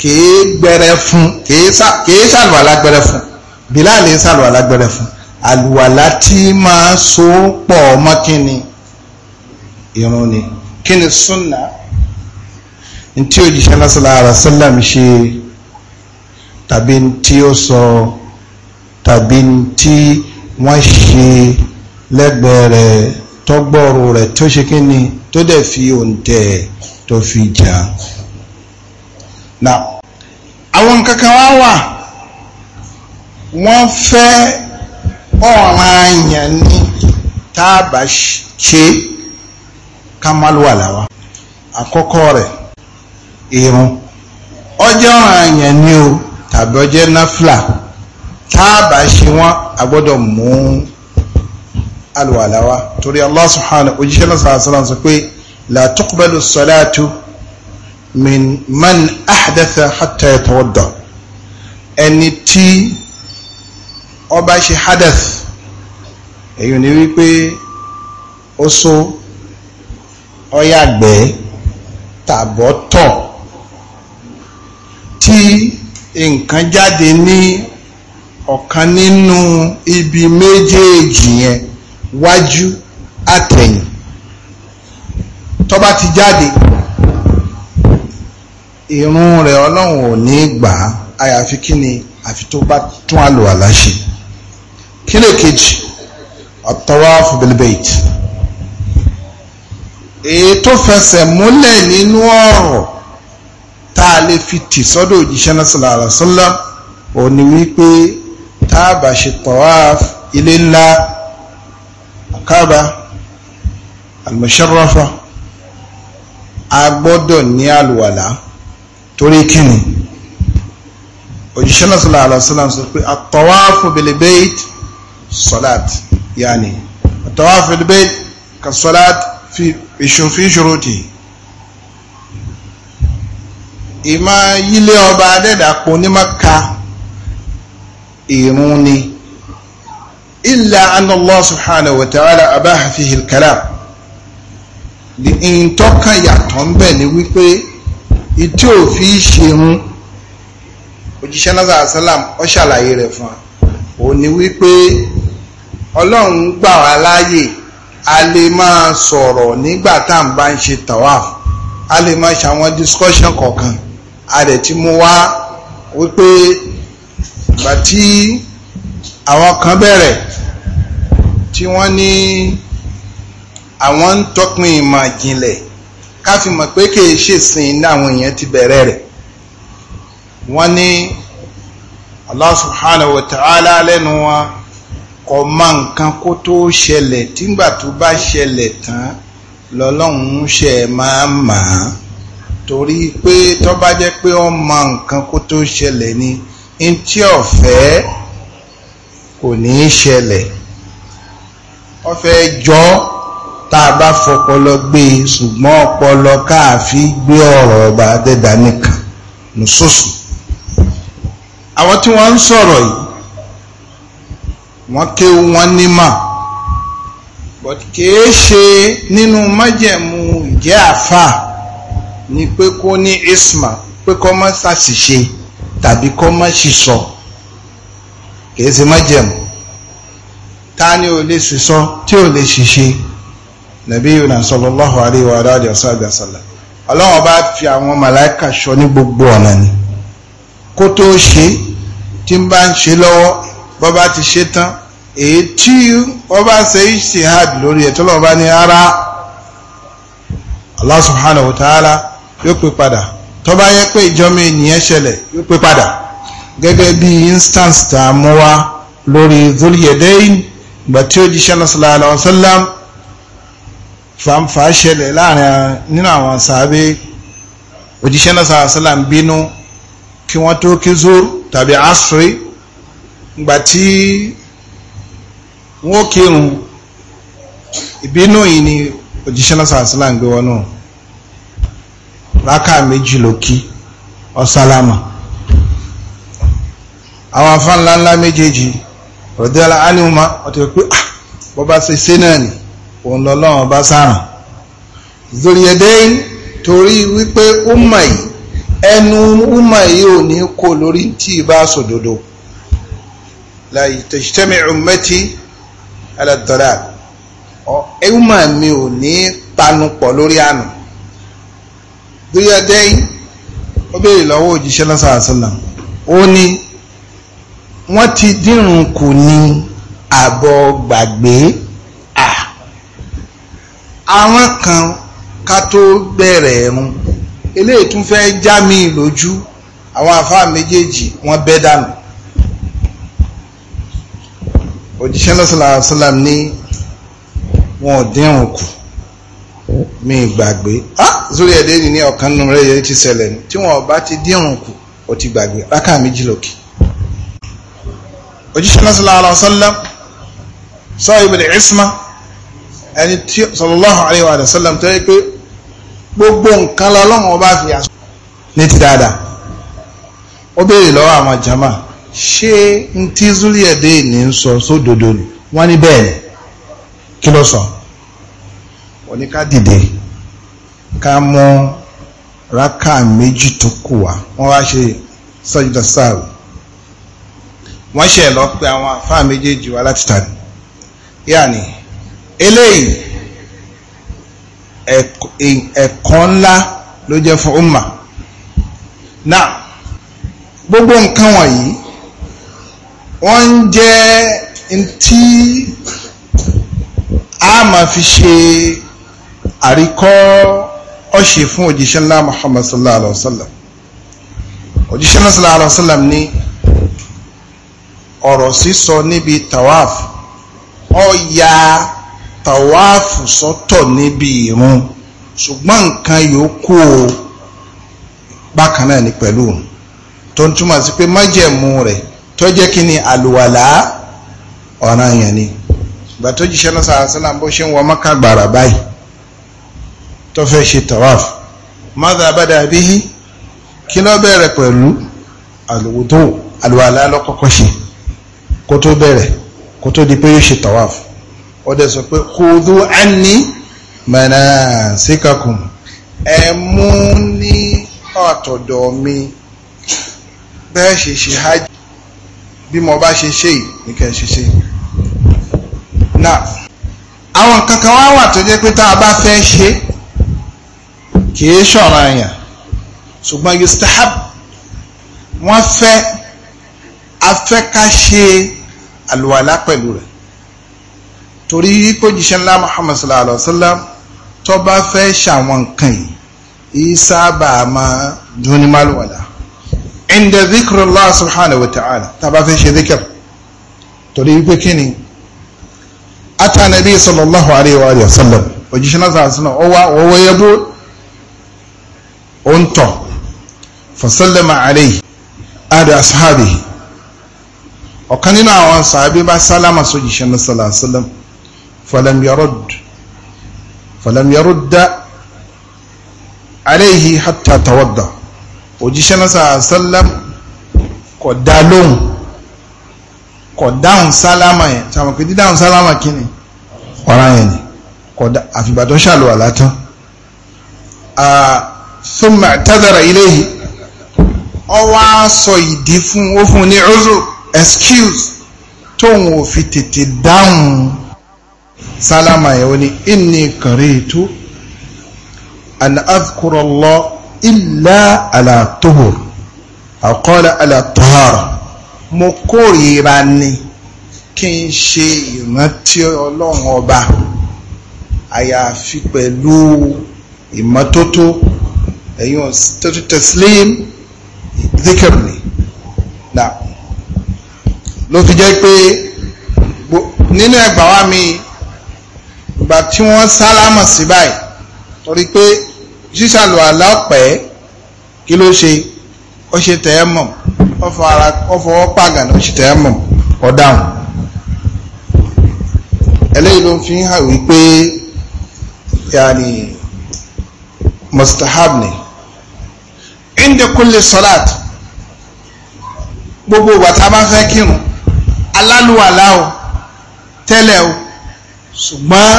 kèé gbẹrẹ fún kèé ṣàlùwàlá gbẹrẹ fún bilal ń sàlù alágbẹ̀rẹ̀ fún àlùwàlá tí máa so pọ̀ mọ́ kíni irun ni kíni súnà ntí òjíṣẹ́ lásìlá àràsálàm ṣe tàbí ntí ó sọ tàbí ntí wọ́n ṣe lẹ́gbẹ̀ẹ́ rẹ̀ tọ́gbọ́rù rẹ̀ tó ṣe kíni tó dẹ̀ fi òǹtẹ̀ tó fi jà. Now, àwọn kankan wá wà wọ́n fẹ́ ọ̀ràn àyàn ní táàbà ṣe kámálùwàláwà àkọ́kọ́ rẹ̀ irun ọjọ́ ọ̀ràn àyàn ní o tàbí ọjọ́ náfìlà táàbà ṣe wọ́n agbọ́dọ̀ mú alùwàláwà torí Allah subhanahu ojíṣẹ́ náà sàrà sàrà sọ pé la tuqbalu min man ahdatha hatta yatawadda ẹni tí ọba ṣe hadath èyí ni wípé ó so ọyàgbẹ́ tàbọ̀ tọ̀ tí nǹkan jáde ní ọ̀kan nínú ibi méjèèjì yẹn wájú àtẹ̀yìn tó bá ti jáde ìrun rẹ̀ ọlọ́run ò ní gbà á àyàfi kí ni àfi tó bá tún àlò àláṣe kílè kejì at-tawaf bil-bayt èyí tó fẹsẹ̀ múlẹ̀ nínú ọ̀rọ̀ tá a lè fi tì sọ́dọ̀ òjíṣẹ́ náà sallallahu alaihi wasallam wípé tá a bá ṣe tawaf ilé ńlá Kaaba al a gbọ́dọ̀ ní àlùwàlá torí kíni òjíṣẹ́ náà sallallahu alaihi sọ pé at-tawafu الصلاة يعني الطواف في البيت كالصلاة في في شروطه ìmọ̀ ilé ọba adẹ́dàpọ̀ ní maka ìrún ni illa anna Allah subhanahu wa ta'ala abaha fihi al-kalam ìntọ́kàn yàtọ̀ ń bẹ̀ ni wípé ìtí ò fi ṣe mú òjíṣẹ́ náà sàlám ó rẹ̀ fún wa ò wípé ọlọ́run gbà wá láàyè a lè máa sọ̀rọ̀ nígbà tá à bá ń ṣe tawaf a lè máa ṣe àwọn discussion kọ̀ọ̀kan a dẹ̀ ti mú wá wípé ìgbà tí àwọn kan bẹ̀rẹ̀ tí wọ́n ní àwọn ń tọpin ìmọ̀ ìjìnlẹ̀ ká fi mọ̀ pé kì ṣèsìn ní àwọn èèyàn ti bẹ̀rẹ̀ rẹ̀ wọ́n ní Allah subhanahu wa ta'ala lẹ́nu wọn kò mọ nǹkan kó tó ṣẹlẹ̀ tígbà tó bá ṣẹlẹ̀ tán lọ́lọ́run ṣe máa mà á torí pé tó bá jẹ́ pé ó nǹkan kó tó ṣẹlẹ̀ ni n tí ọ̀fẹ́ kò ní í ṣẹlẹ̀ ọ̀fẹ́ jọ́ tá a bá fọpọlọ gbé e ṣùgbọ́n ọpọlọ káàfi gbé ọ̀rọ̀ ọba adẹ́dá nìkan nùsọ̀sù àwọn tí wọ́n ń sọ̀rọ̀ yìí wọ́n ké wọ́n nímọ̀ but kìí ṣe nínú májẹ̀mú ìjẹ́ àfà ni pé kó ní isma pé kó má ṣàṣìṣe tàbí kó má ṣìṣọ kìí ṣe májẹ̀mú ta ni ò lè ṣìṣọ tí ò lè ṣìṣe nabiyuna sallallahu alayhi wa alihi wa sallam ọlọ́wọ́n bá fi àwọn màláìka ṣọ ní gbogbo ọ̀nà ni kó tó ṣe tí ń bá ń ṣe lọ́wọ́ bọ́ba ti ṣe tán èyí tí ọba ṣe ìṣìhàd lórí ẹ̀ tọ́lọ́ bá ní ara Allah subhanahu wa ta'ala yóò pè padà tọ́ba yẹ pé ìjọba ènìyàn ṣẹlẹ̀ yóò pè padà gẹ́gẹ́ bí instance tá a mú wá lórí zulyedain ìgbà tí ó jíṣẹ́ náà sallallahu alaihi wasallam fàǹfà ṣẹlẹ̀ láàrin nínú àwọn sàábé òjíṣẹ́ náà sallallahu alaihi wasallam bínú kí wọ́n tó kí zoro tàbí asri ìgbà tí wọ́n kírun ìbínú yìí ni òjíṣẹ́ náà sàásílà ń gbé wọn náà rákà méjì ló kí ọ̀sálámà àwọn afánlá ńlá méjèèjì rọ̀dẹ́lá ánìmọ́ ọ̀tí pé ah, bọ́bá ṣe ṣe náà ni òun lọ́lọ́run bá sáràn zòrí ẹ̀dẹ́ torí wípé ó mọ̀ yìí ẹnu ó mọ̀ yìí ò ní kó lórí tí ì bá sòdodo la tajtami'u ummati ala ad-dalal ẹ̀wùmọ̀ mi ò ní panupọ̀ lórí àná bóyá dẹ́yìn ó béèrè lọ́wọ́ òjíṣẹ́ lọ́sàn àṣìlá ó ní wọ́n ti dírun kù ní àbọ̀ gbàgbé à àwọn kan ká tó bẹ̀rẹ̀ ẹ̀rùn eléyìí tún fẹ́ já mi lójú àwọn àfáà méjèèjì wọ́n bẹ́ dànù òjíṣẹ́ lọ́sọ̀lá sọ́làm ní wọn ò dẹ́rùn kù mi gbàgbé zórí ah! ẹ̀dẹ́ ní ọ̀kan nínú rẹ̀ yẹn ti ṣẹlẹ̀ ní tí wọn bá ti dẹ́rùn kù ó ti gbàgbé rákà méjì lókè òjíṣẹ́ lọ́sọ̀lá sọ́làm sọ ìbẹ̀rẹ̀ ìsma ẹni tí sallallahu alaihi wa sallam tó yẹ pé gbogbo nǹkan lọ́lọ́run ọba fi ní ti dáadáa ó béèrè lọ́wọ́ àwọn jama ṣé n tí zúrí ẹ̀dẹ́ ìní ń sọ sódodo ni wọ́n ní bẹ́ẹ̀ ni kí ló sọ wọ́n ní ká dìde ká mú rákà méjì tó kù wá wọ́n wá ṣe sọ́júdà sáàrù wọ́n ṣe lọ pé àwọn àfáà méjèèjì wá láti tàbí yáàni eléyìí ẹ̀kọ́ ńlá ló jẹ́ fún umma náà gbogbo nǹkan wọ̀nyí wọ́n ń jẹ́ tí a máa fi ṣe àríkọ́ ọ̀ṣẹ̀ fún òjíṣẹ́ ńlá Muhammad sallallahu alaihi wa sallam òjíṣẹ́ ńlá sallallahu alaihi wa sallam ní ọ̀rọ̀ sísọ níbi tawaf ó ya tawaf sọ́tọ̀ níbi ìrun ṣùgbọ́n nǹkan yòókù o bákan náà ni pẹ̀lú tó ń túmọ̀ sí pé májẹ̀mú rẹ̀ tó jẹ́ kí ni àlùwàlá ọ̀ràn yẹn ni ìgbà tó jíṣẹ́ náà sàásánà bó ṣe ń wọ mọ́ká gbàrà báyìí tó fẹ́ ṣe tawaf mọ́tà bàdà bíi kí ló bẹ̀rẹ̀ pẹ̀lú àlùwòtó àlùwàlá lọ́kọ́kọ́ ṣe kó tó bẹ̀rẹ̀ kó tó di pé yóò ṣe tawaf ó dẹ̀ sọ pé khudhu anni manasikakum ẹ mú ní ọ̀tọ̀dọ̀ mi bẹ́ẹ̀ ṣe ṣe hajj bí mo bá ṣe ṣe yìí ní kẹ́ ṣe ṣe náà àwọn kankan wá wà tó jẹ́ pé tá a bá fẹ́ ṣe kìí ṣọ̀ràn àyàn ṣùgbọ́n yustahab wọ́n fẹ́ afẹ́ ká ṣe àlùwàlá pẹ̀lú rẹ̀ torí kó jíṣẹ́ ńlá Muhammad sallallahu alaihi wa sallam tó bá fẹ́ ṣàwọn nǹkan yìí ìsábà máa dún ní málùwàlá عند ذكر الله سبحانه وتعالى طبعا في شيء ذكر تريد بكني أتى النبي صلى الله عليه وآله وسلم وجيش نظر سنة هو وهو يبول أنت فسلم عليه أهل أصحابه وكان هنا عن صحابه ما سلام سجيش النبي صلى الله عليه وسلم فلم يرد فلم يرد عليه حتى توضأ òjíṣẹ́ náà sàásálàm kò dá lóhùn kò dáhùn sálámà yẹn sàmọ̀ pé dídáhùn sálámà kí ni ọ̀ràn yẹn ni kò dá àfìgbà tó ṣàlùwà látàn thumma tazara ilayhi ọ wá sọ ìdí fún ó fún ní ọzọ excuse tóun ò fi tètè dáhùn sálámà yẹn ó ní inni karitu an adhkura Allah illa ala tuhur àkọọ́lẹ̀ ala tuhara mo kórìíra ni kí n ṣe ìrántí ọlọ́run ọba àyàfi pẹ̀lú ìmọ́tótó ẹ̀yìn tẹ́tù tẹ̀sílẹ́m díkẹ̀mì náà ló fi jẹ́ pé nínú ẹgbàá wa mi ìgbà tí wọ́n sálámà sí báyìí torí pé sísàlù alápẹ́ kí ló ṣe ó ṣe tẹ́ mọ̀ ó fara ó fọwọ́ pàgànà ó ṣe tẹ́ mọ̀ ó dáhùn eléyìí ló fi ń hàn wípé yàní mustahab ni Inde kulli salat gbogbo ìgbà tá a bá fẹ́ kírun alálùwàlá o tẹ́lẹ̀ o ṣùgbọ́n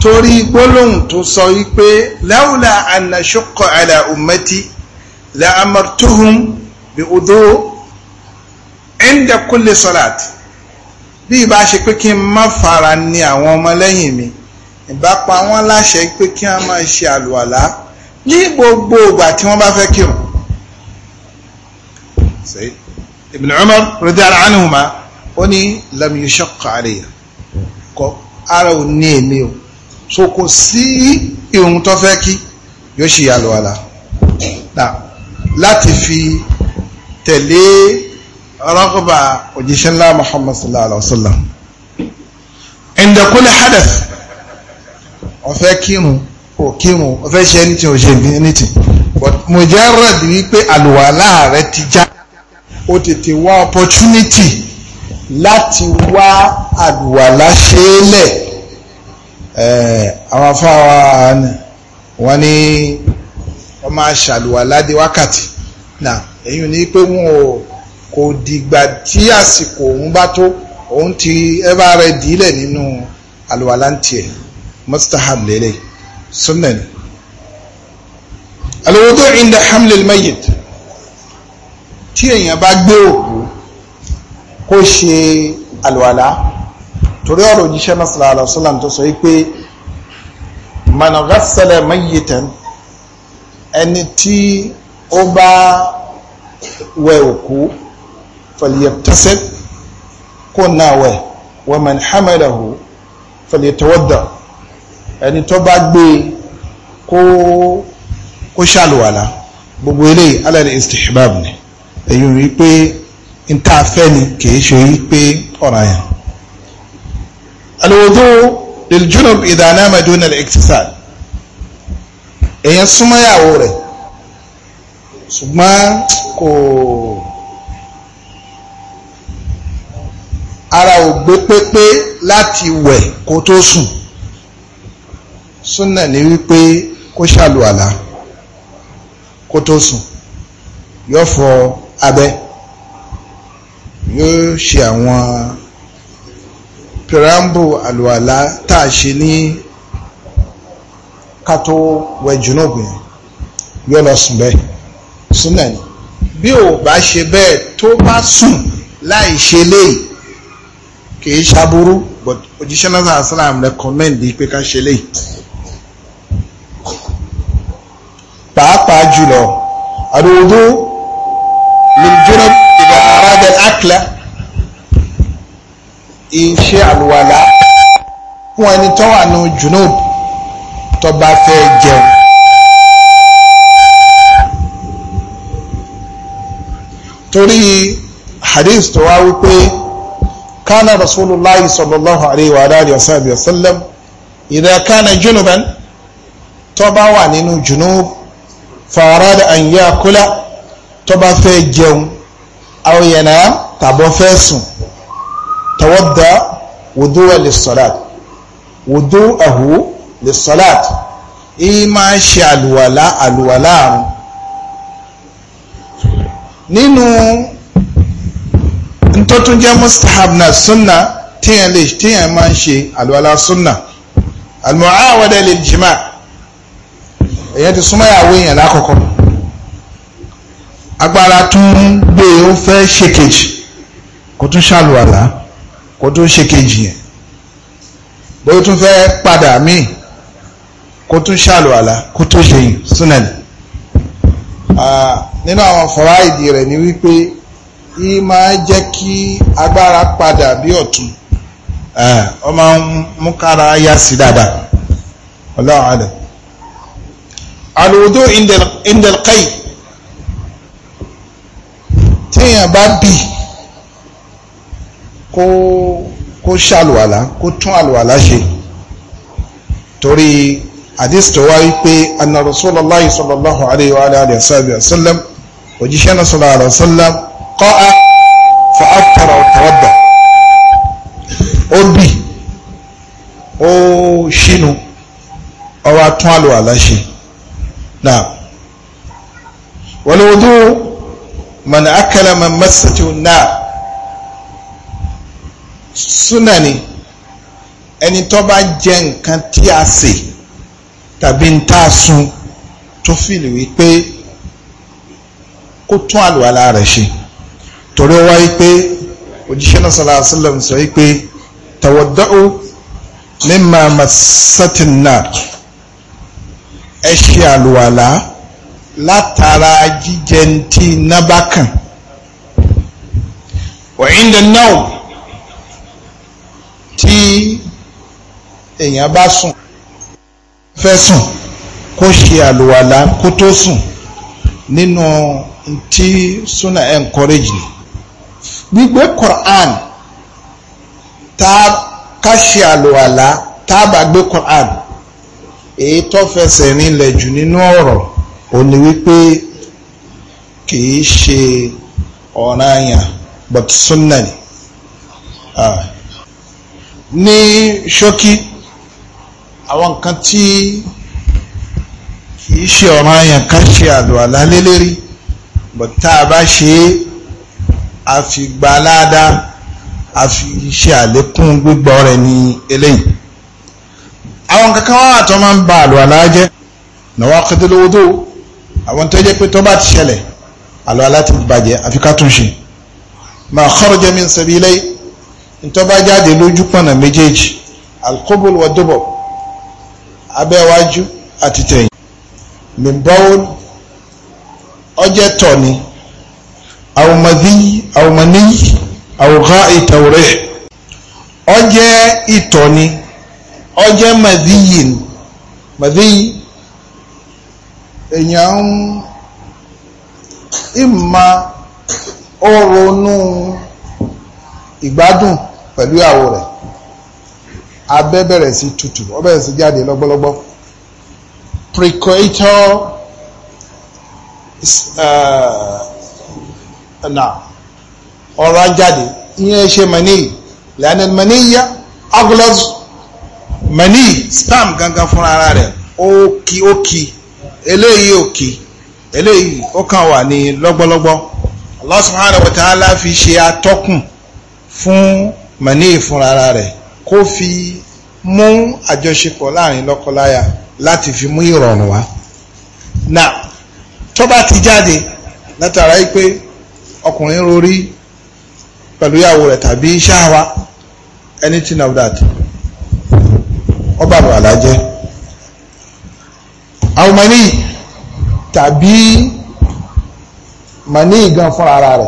torí gbólóhùn tó sọ wípé láwùlà ànàṣọ́kọ̀ àlà ummati la amartuhum bi udu inda kulli salat bí ìbá ṣe pé kí n má fara ní àwọn ọmọlẹ́yìn mi ìbá pa wọ́n láṣẹ pé kí wọ́n máa ṣe àlùwàlá ní gbogbo ìgbà tí wọ́n bá fẹ́ kírun. Ibn Umar radiyallahu anhuma ó ní lam yushaqqa alayya kọ́ ara ò ní èmi o so kò sí ìhun tó fẹ́ kí yóò ṣì yàlọ́ àlà láti fi tẹ̀lé rọ́gbà òjíṣẹ́ ńlá Muhammad sallallahu alaihi wa sallam inda kulli hadath ó fẹ́ kírun ó kírun ó fẹ́ ṣe anything ó ṣe anything but mujarrad wípé àlùwàlá rẹ̀ ti já ó tètè wá opportunity láti wá àlùwàlá ṣe é lẹ̀ Eh, àwọn afáwa wọn ní wọ́n máa ṣàlùwà ládé wákàtí náà èyí ni pé wọn ò kò dìgbà tí àsìkò òun bá tó òun ti ẹbá rẹ̀ dìílẹ̀ nínú àlùwàlá ń tiẹ̀ mustahab lélẹ̀ sunna ni alwudu inda hamlil mayyit tí èèyàn bá gbé òkú kó ṣe àlùwàlá torí ọ̀rọ̀ òjíṣẹ́ náà sallallahu alaihi wasallam tó sọ wípé managasẹ́lẹ̀ mayitan ẹni tí ó bá wẹ òkú fẹ̀lẹ̀tẹ́sẹ̀ kó náà wẹ̀ wọ́n mẹ́ni hamalahu fẹ̀lẹ̀tẹ́wọ́dà ẹni tó bá gbé e, kó ṣàlùwàlá gbogbo eléyìí alẹ́rẹ̀ istihbab ni èyí wípé n ta ni kìí ṣe wípé ọ̀ranyàn alwudu liljunub idha nama duna al-iktisal èèyàn súnmọ́ ìyàwó rẹ̀ ṣùgbọ́n kò ara ò gbé pépé láti wẹ̀ kó tó sùn súnà ní wípé kó ṣàlùwàlá kó tó sùn yóò fọ abẹ́ yóò ṣe àwọn Pirambu àlùwàlá tá a ṣe ní kátó wẹ jùnúbù yẹn yóò lọ sùn bẹ́ẹ̀ súnà ni bí ò bá ṣe bẹ́ẹ̀ tó bá sùn láì ṣe léyìí kìí ṣaburú but òjíṣẹ́ náà sàásàlám recommend pé ká ṣe léyìí pàápàá jùlọ àdúgbò lè iṣẹ́ àlùwàlá fún ẹni tó wà ní junub tó bá fẹ́ jẹun. torí hadith tó wá wípé kánà rasulullah sallallahu alayhi wa alihi wa sallam idha kánà junuban tó bá wà nínú junub farada an yakula tó bá fẹ́ jẹun aw tàbọ̀ fẹ́ sùn tawadda wudu'a lis-salat wudu'ahu lis-salat ìyí máa ń ṣe àlùwàlá àlùwàlá àrùn nínú ntọ́tún jẹ́ mustahab na sunna tíyẹn lè tíyẹn máa ń ṣe àlùwàlá sunna al-mu'awada lil-jima' èyàn ti súnmọ́ ìyàwó èèyàn lákọ̀ọ́kọ́ agbára tún gbé ó fẹ́ ṣèkejì kò tún ṣàlùwàlá kó tó ṣe kejì yẹn bóyá tún fẹ́ padà míì kó tún ṣàlùwàlà kó tó ṣe yìí súnà ni nínú àwọn fọ́rá ìdí rẹ̀ ni wípé yìí máa jẹ́ kí agbára padà bí ọ̀tún ọ máa ń mú kára yá sí dáadáa ọlọ́run àdẹ̀ alwudu indal qayy téèyàn bá bì kó kó ṣàlùwàlá kó tún àlùwàlá ṣe torí àdìs tó wá wípé anna Rasulullahi sallallahu alayhi wa alihi wa sallam òjíṣẹ́ náà sallallahu alayhi wa sallam qa'a fa aftara wa tawadda ó bì ó ṣínú ó wá àlùwàlá ṣe náà wal wudu man akala man massatu an súnà ni ẹni tó bá jẹ nǹkan tí a sè tàbí ń tá a sun tó fìlì wípé kó tún àlùwàlá rẹ̀ ṣe torí ó wáyé pé òjíṣẹ́ náà sallallahu alaihi wasallam sọ wípé tawadda'u mimma massatin nar ẹ ṣe àlùwàlá látara jíjẹ tí iná bá kàn wa inda an tí èèyàn bá sùn fẹ́ sùn kó ṣe àlùwàlá kó tó sùn nínú tí súnà encourage ni gbígbé Quran tá ká ṣe àlùwàlá tá bá gbé Quran èyí tó fẹsẹ̀ rinlẹ̀ jù nínú ọ̀rọ̀ ò ní wípé kì í ṣe ọ̀ranyàn but súnà ni. Uh ní ṣókí àwọn nǹkan tí kìí ṣe ọ̀ràn àyàn kan ṣe àlùwàlá lélẹ́rí but tá a bá ṣe é a fi gba aláàdá a fi ṣe àlékún gbígbọ́ rẹ̀ ní eléyìí àwọn kankan wà tó máa ń ba àlùwàlá jẹ́ nawaqidul wudu àwọn tó jẹ́ pé tó bá ti ṣẹlẹ̀ àlùwàlá ti bàjẹ́ àfi ká tún ṣe ma kharaja min sabilai ntọ́ba jáde lójú pọ̀nà méjèèjì alkobol wa dubọ̀ abẹ́wájú àti tẹ̀yìn mimbawol ọjẹ́ tọ̀ni àwòmọ̀dí àwòmọ̀ní àwògá ìtàwòrẹ́ ọjẹ́ ìtọ̀ni ọjẹ́ màdíyìn màdíyìn èèyàn ń ìmọ̀ ó ronú. ìgbádùn pẹ̀lú ìyàwó rẹ̀ abẹ́ bẹ̀rẹ̀ sí tutù ọ bẹ̀rẹ̀ sí jáde lọ́gbọ́lọ́gbọ́ precoital eh, eh, ọ̀rọ̀ ajáde ìyẹn ṣe yá gangan fúnra ara rẹ̀ eléyìí eléyìí ó kàn wà ní lọ́gbọ́lọ́gbọ́ Allah subhanahu wa fi ṣe atọ́kùn. fún mani ìfúnra rẹ̀ kó fi mú àjọṣepọ̀ láàrin lọ́kọláya láti fi mú ìrọ̀rùn wá na tọba ti jáde látara pé ọkùnrin rorí pẹ̀lú ìyàwó rẹ̀ tàbí ṣáwa anything of that ọba àbàlá jẹ́ àwọn mani tàbí mani gan fúnra rẹ̀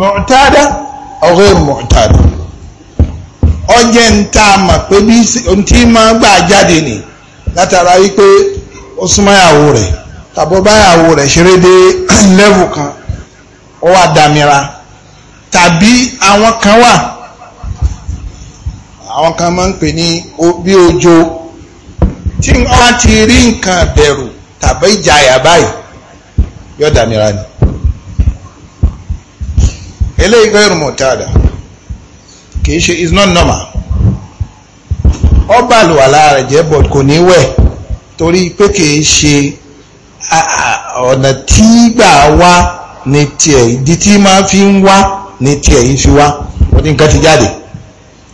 mọ̀tádá. ọ̀rẹ́ mọ̀tàdù ọjẹ́ ń tá a mà pé bí ohun máa gbà jáde nì látara wípé ó súnmọ́yàwó rẹ̀ tàbọ̀ báyàwó rẹ̀ ṣeré kan ó wà dàmíra tàbí àwọn kan wà àwọn kan máa ń pè ní bí ojo tí wọ́n ti rí nǹkan bẹ̀rù tàbí ìjayà báyìí yóò dàmíra eléyìí gairu mu'tada kìí ṣe is not normal ọba àlùwàlá rẹ̀ jẹ́ but kò ní wẹ̀ torí pé kìí ṣe ọ̀nà tí gbà wá ní tiẹ̀ ìdí tí máa fi ń wá ní tiẹ̀ yìí fi wá wọ́n ní nǹkan ti jáde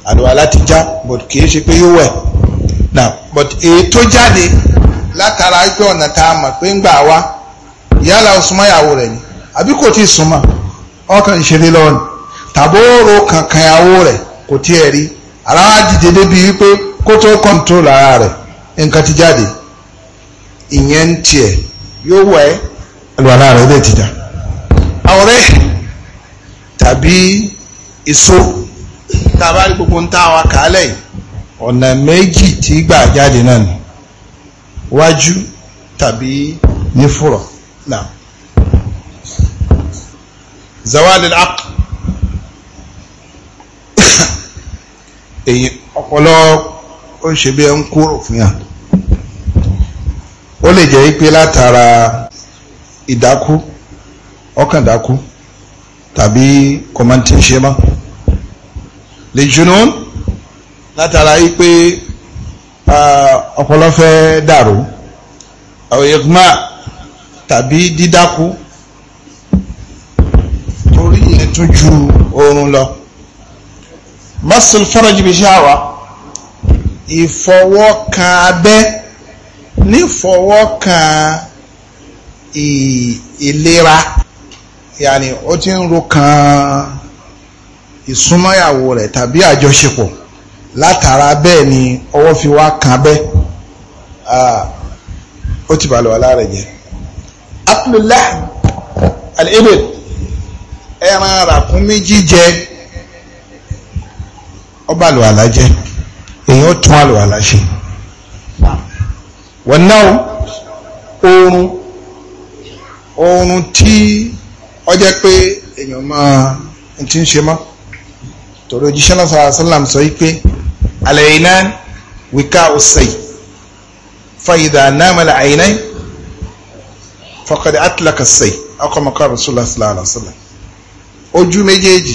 àlùwàlá ti já but kìí ṣe pé yóò wẹ̀ now but èyí tó jáde látara pé ọ̀nà tá a mọ̀ pé ń gbà wá yálà ó súnmọ́ ìyàwó rẹ̀ ni àbí kò tí ì súnmọ́ ọkàn ìṣeré lọ́nà tàbóòrò kankan ìyàwó rẹ̀ kò tiẹ̀ rí ara dìde débi wípé kó tó ara rẹ̀ nǹkan ti jáde ìyẹn ń tiẹ̀ yóò wẹ̀ ẹ́ àlùwàlá rẹ̀ lè ti dà ọ̀rẹ́ tàbí èso tàbá rí gbogbo ń tá wa kàálẹ̀ yìí ọ̀nà méjì tí gbà jáde náà ni wájú tàbí nífùrọ̀ náà. zawalil aq èyí ọpọlọ ó ṣe bí ẹ ń kúrò fún yà ó lè jẹ́ pé látara ìdákú ọkàndákú tàbí kọmọtíṣe mọ́ lè jùnú látara pé ọpọlọ fẹ́ dàrú àwọn tàbí dídákú tún ju oorun lọ masul faraj bi ṣáwa ìfọwọ́kan abẹ́ nífọwọ́kan ìlera yàní ó ti ń ro kan ìsúnmọ́yàwó rẹ̀ tàbí àjọṣepọ̀ látara bẹ́ẹ̀ ni ọwọ́ fi wá kan bẹ́ ó ti bàlùwà lára jẹ́ abdullahi al-ibid ẹran ràkúnmí jíjẹ ọba àlùwàlá jẹ èyàn tún àlùwàlá ṣe wọn náà oorun oorun tí ó jẹ́ pé èyàn máa ń ti ń ṣe mọ́ torí òjíṣẹ́ náà sọ̀rọ̀ sọ́làm sọ wípé alẹ́ iná wíká ọ̀sẹ̀ fàyídà náà mọ́lẹ̀ fọkàdé àtìlákàsẹ̀ ọkọ̀ mọ́kọ́ sallallahu alaihi wasallam ojú méjèèjì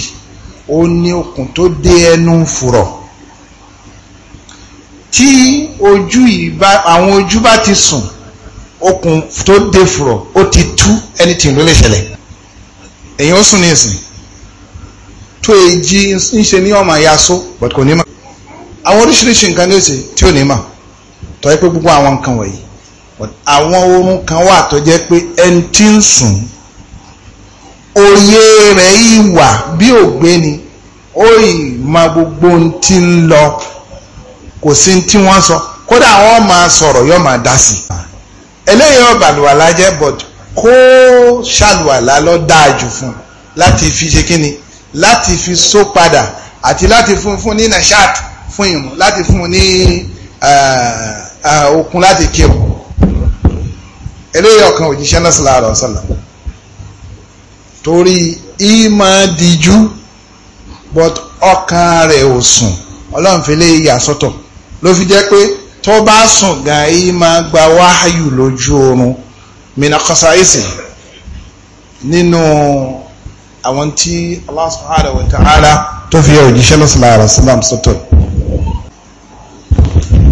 ó ní okùn tó dé ẹnu fùrọ̀ tí ojú ìbá àwọn ojú bá ti sùn okùn tó dé fùrọ̀ ó ti tú ẹni tí ló lè ṣẹlẹ̀ èyàn ó sùn ní ìsìn tó èjì ń ṣe ní ọmọ ìyá so but kò ní mọ̀ àwọn oríṣiríṣi nǹkan ní òsè tí ò ní mọ̀ tó yẹ pé gbogbo àwọn nǹkan wọ̀nyí àwọn oorun kan wà tó jẹ́ pé ẹni tí ń sùn òye rẹ̀ ìwà bí ògbéni ó ì ma gbogbo tí ń lọ kò sí tí wọ́n sọ kódà wọ́n máa sọ̀rọ̀ yóò máa dá sí eléyìí ọba àlùwàlá jẹ́ but kó ṣàlùwàlá lọ dáa jù fún láti fi ṣe kíni láti fi só padà àti láti fún fún ní nashat fún ìmú láti fún ní eh, eh, okun láti kírun eléyìí ọ̀kan òjíṣẹ́ náà sallallahu alaihi wasallam torí ìmọ̀ díjú but ọkàn rẹ̀ ò sùn ọlọ́run fi lé ìyà sọ́tọ̀ ló fi jẹ́ pé tó bá sùn gan ìmọ̀ gba wáhàyù lójú oorun minakọsa ìsìn nínú àwọn tí Allah subhanahu wa ta'ala tó fi yẹ òjíṣẹ́ lọ́sọ̀lá àrọ̀sílám sọ́tọ̀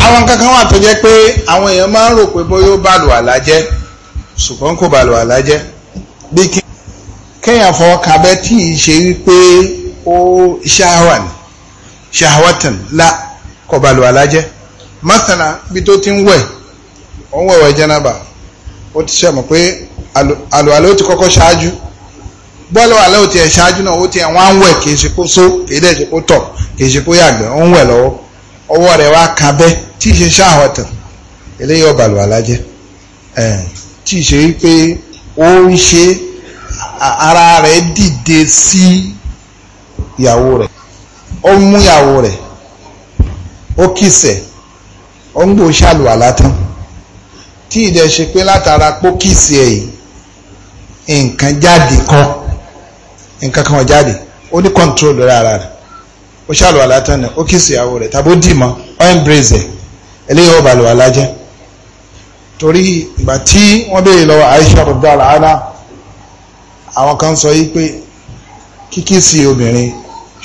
àwọn kankan wà tó jẹ́ pé àwọn èèyàn máa ń rò pé bóyá ó bàlù àlá ṣùgbọ́n kò bàlù àlá bí kí kéèyàn fọwọ́ kábẹ́ tí ì ṣe wípé ó ṣáwà ní ṣáwàtàn lá kọbalù alájẹ́ mọ́sánà bí tó ti ń wẹ̀ ó ń wẹ̀wẹ̀ jẹ́nàbà ó ti ṣẹ̀mọ̀ pé àlùwàlá ó ti kọ́kọ́ ṣáájú bọ́ọ̀lù àlọ́ ò tiẹ̀ ṣáájú náà ó tiẹ̀ wọ́n á ń wẹ̀ kì í ṣe kó só kì í dẹ̀ ṣe kó tọ̀ kì í ṣe kó yàgbẹ́ ó ń wẹ̀ lọ́wọ́ ọwọ́ rẹ̀ wá kábẹ́ tí ì ṣe ṣáwàtàn eléyìí ọ̀bàlù alájẹ́ tí ì ṣe wípé ó ń ṣe é ara rẹ̀ dìde sí ìyàwó rẹ̀ ó mú ìyàwó rẹ̀ ó kìsẹ̀ ó ń gbò ṣàlùwà tí ìdẹ ṣe pé látara pókìsì ẹ̀ yìí nǹkan jáde kọ́ nǹkan kan jáde ó ní control lórí ara rẹ̀ ó ṣàlùwà látàn ni ó kìsì ìyàwó rẹ̀ tàbó dì mọ́ ó àwọn kan sọ yí pé kíkí sí obìnrin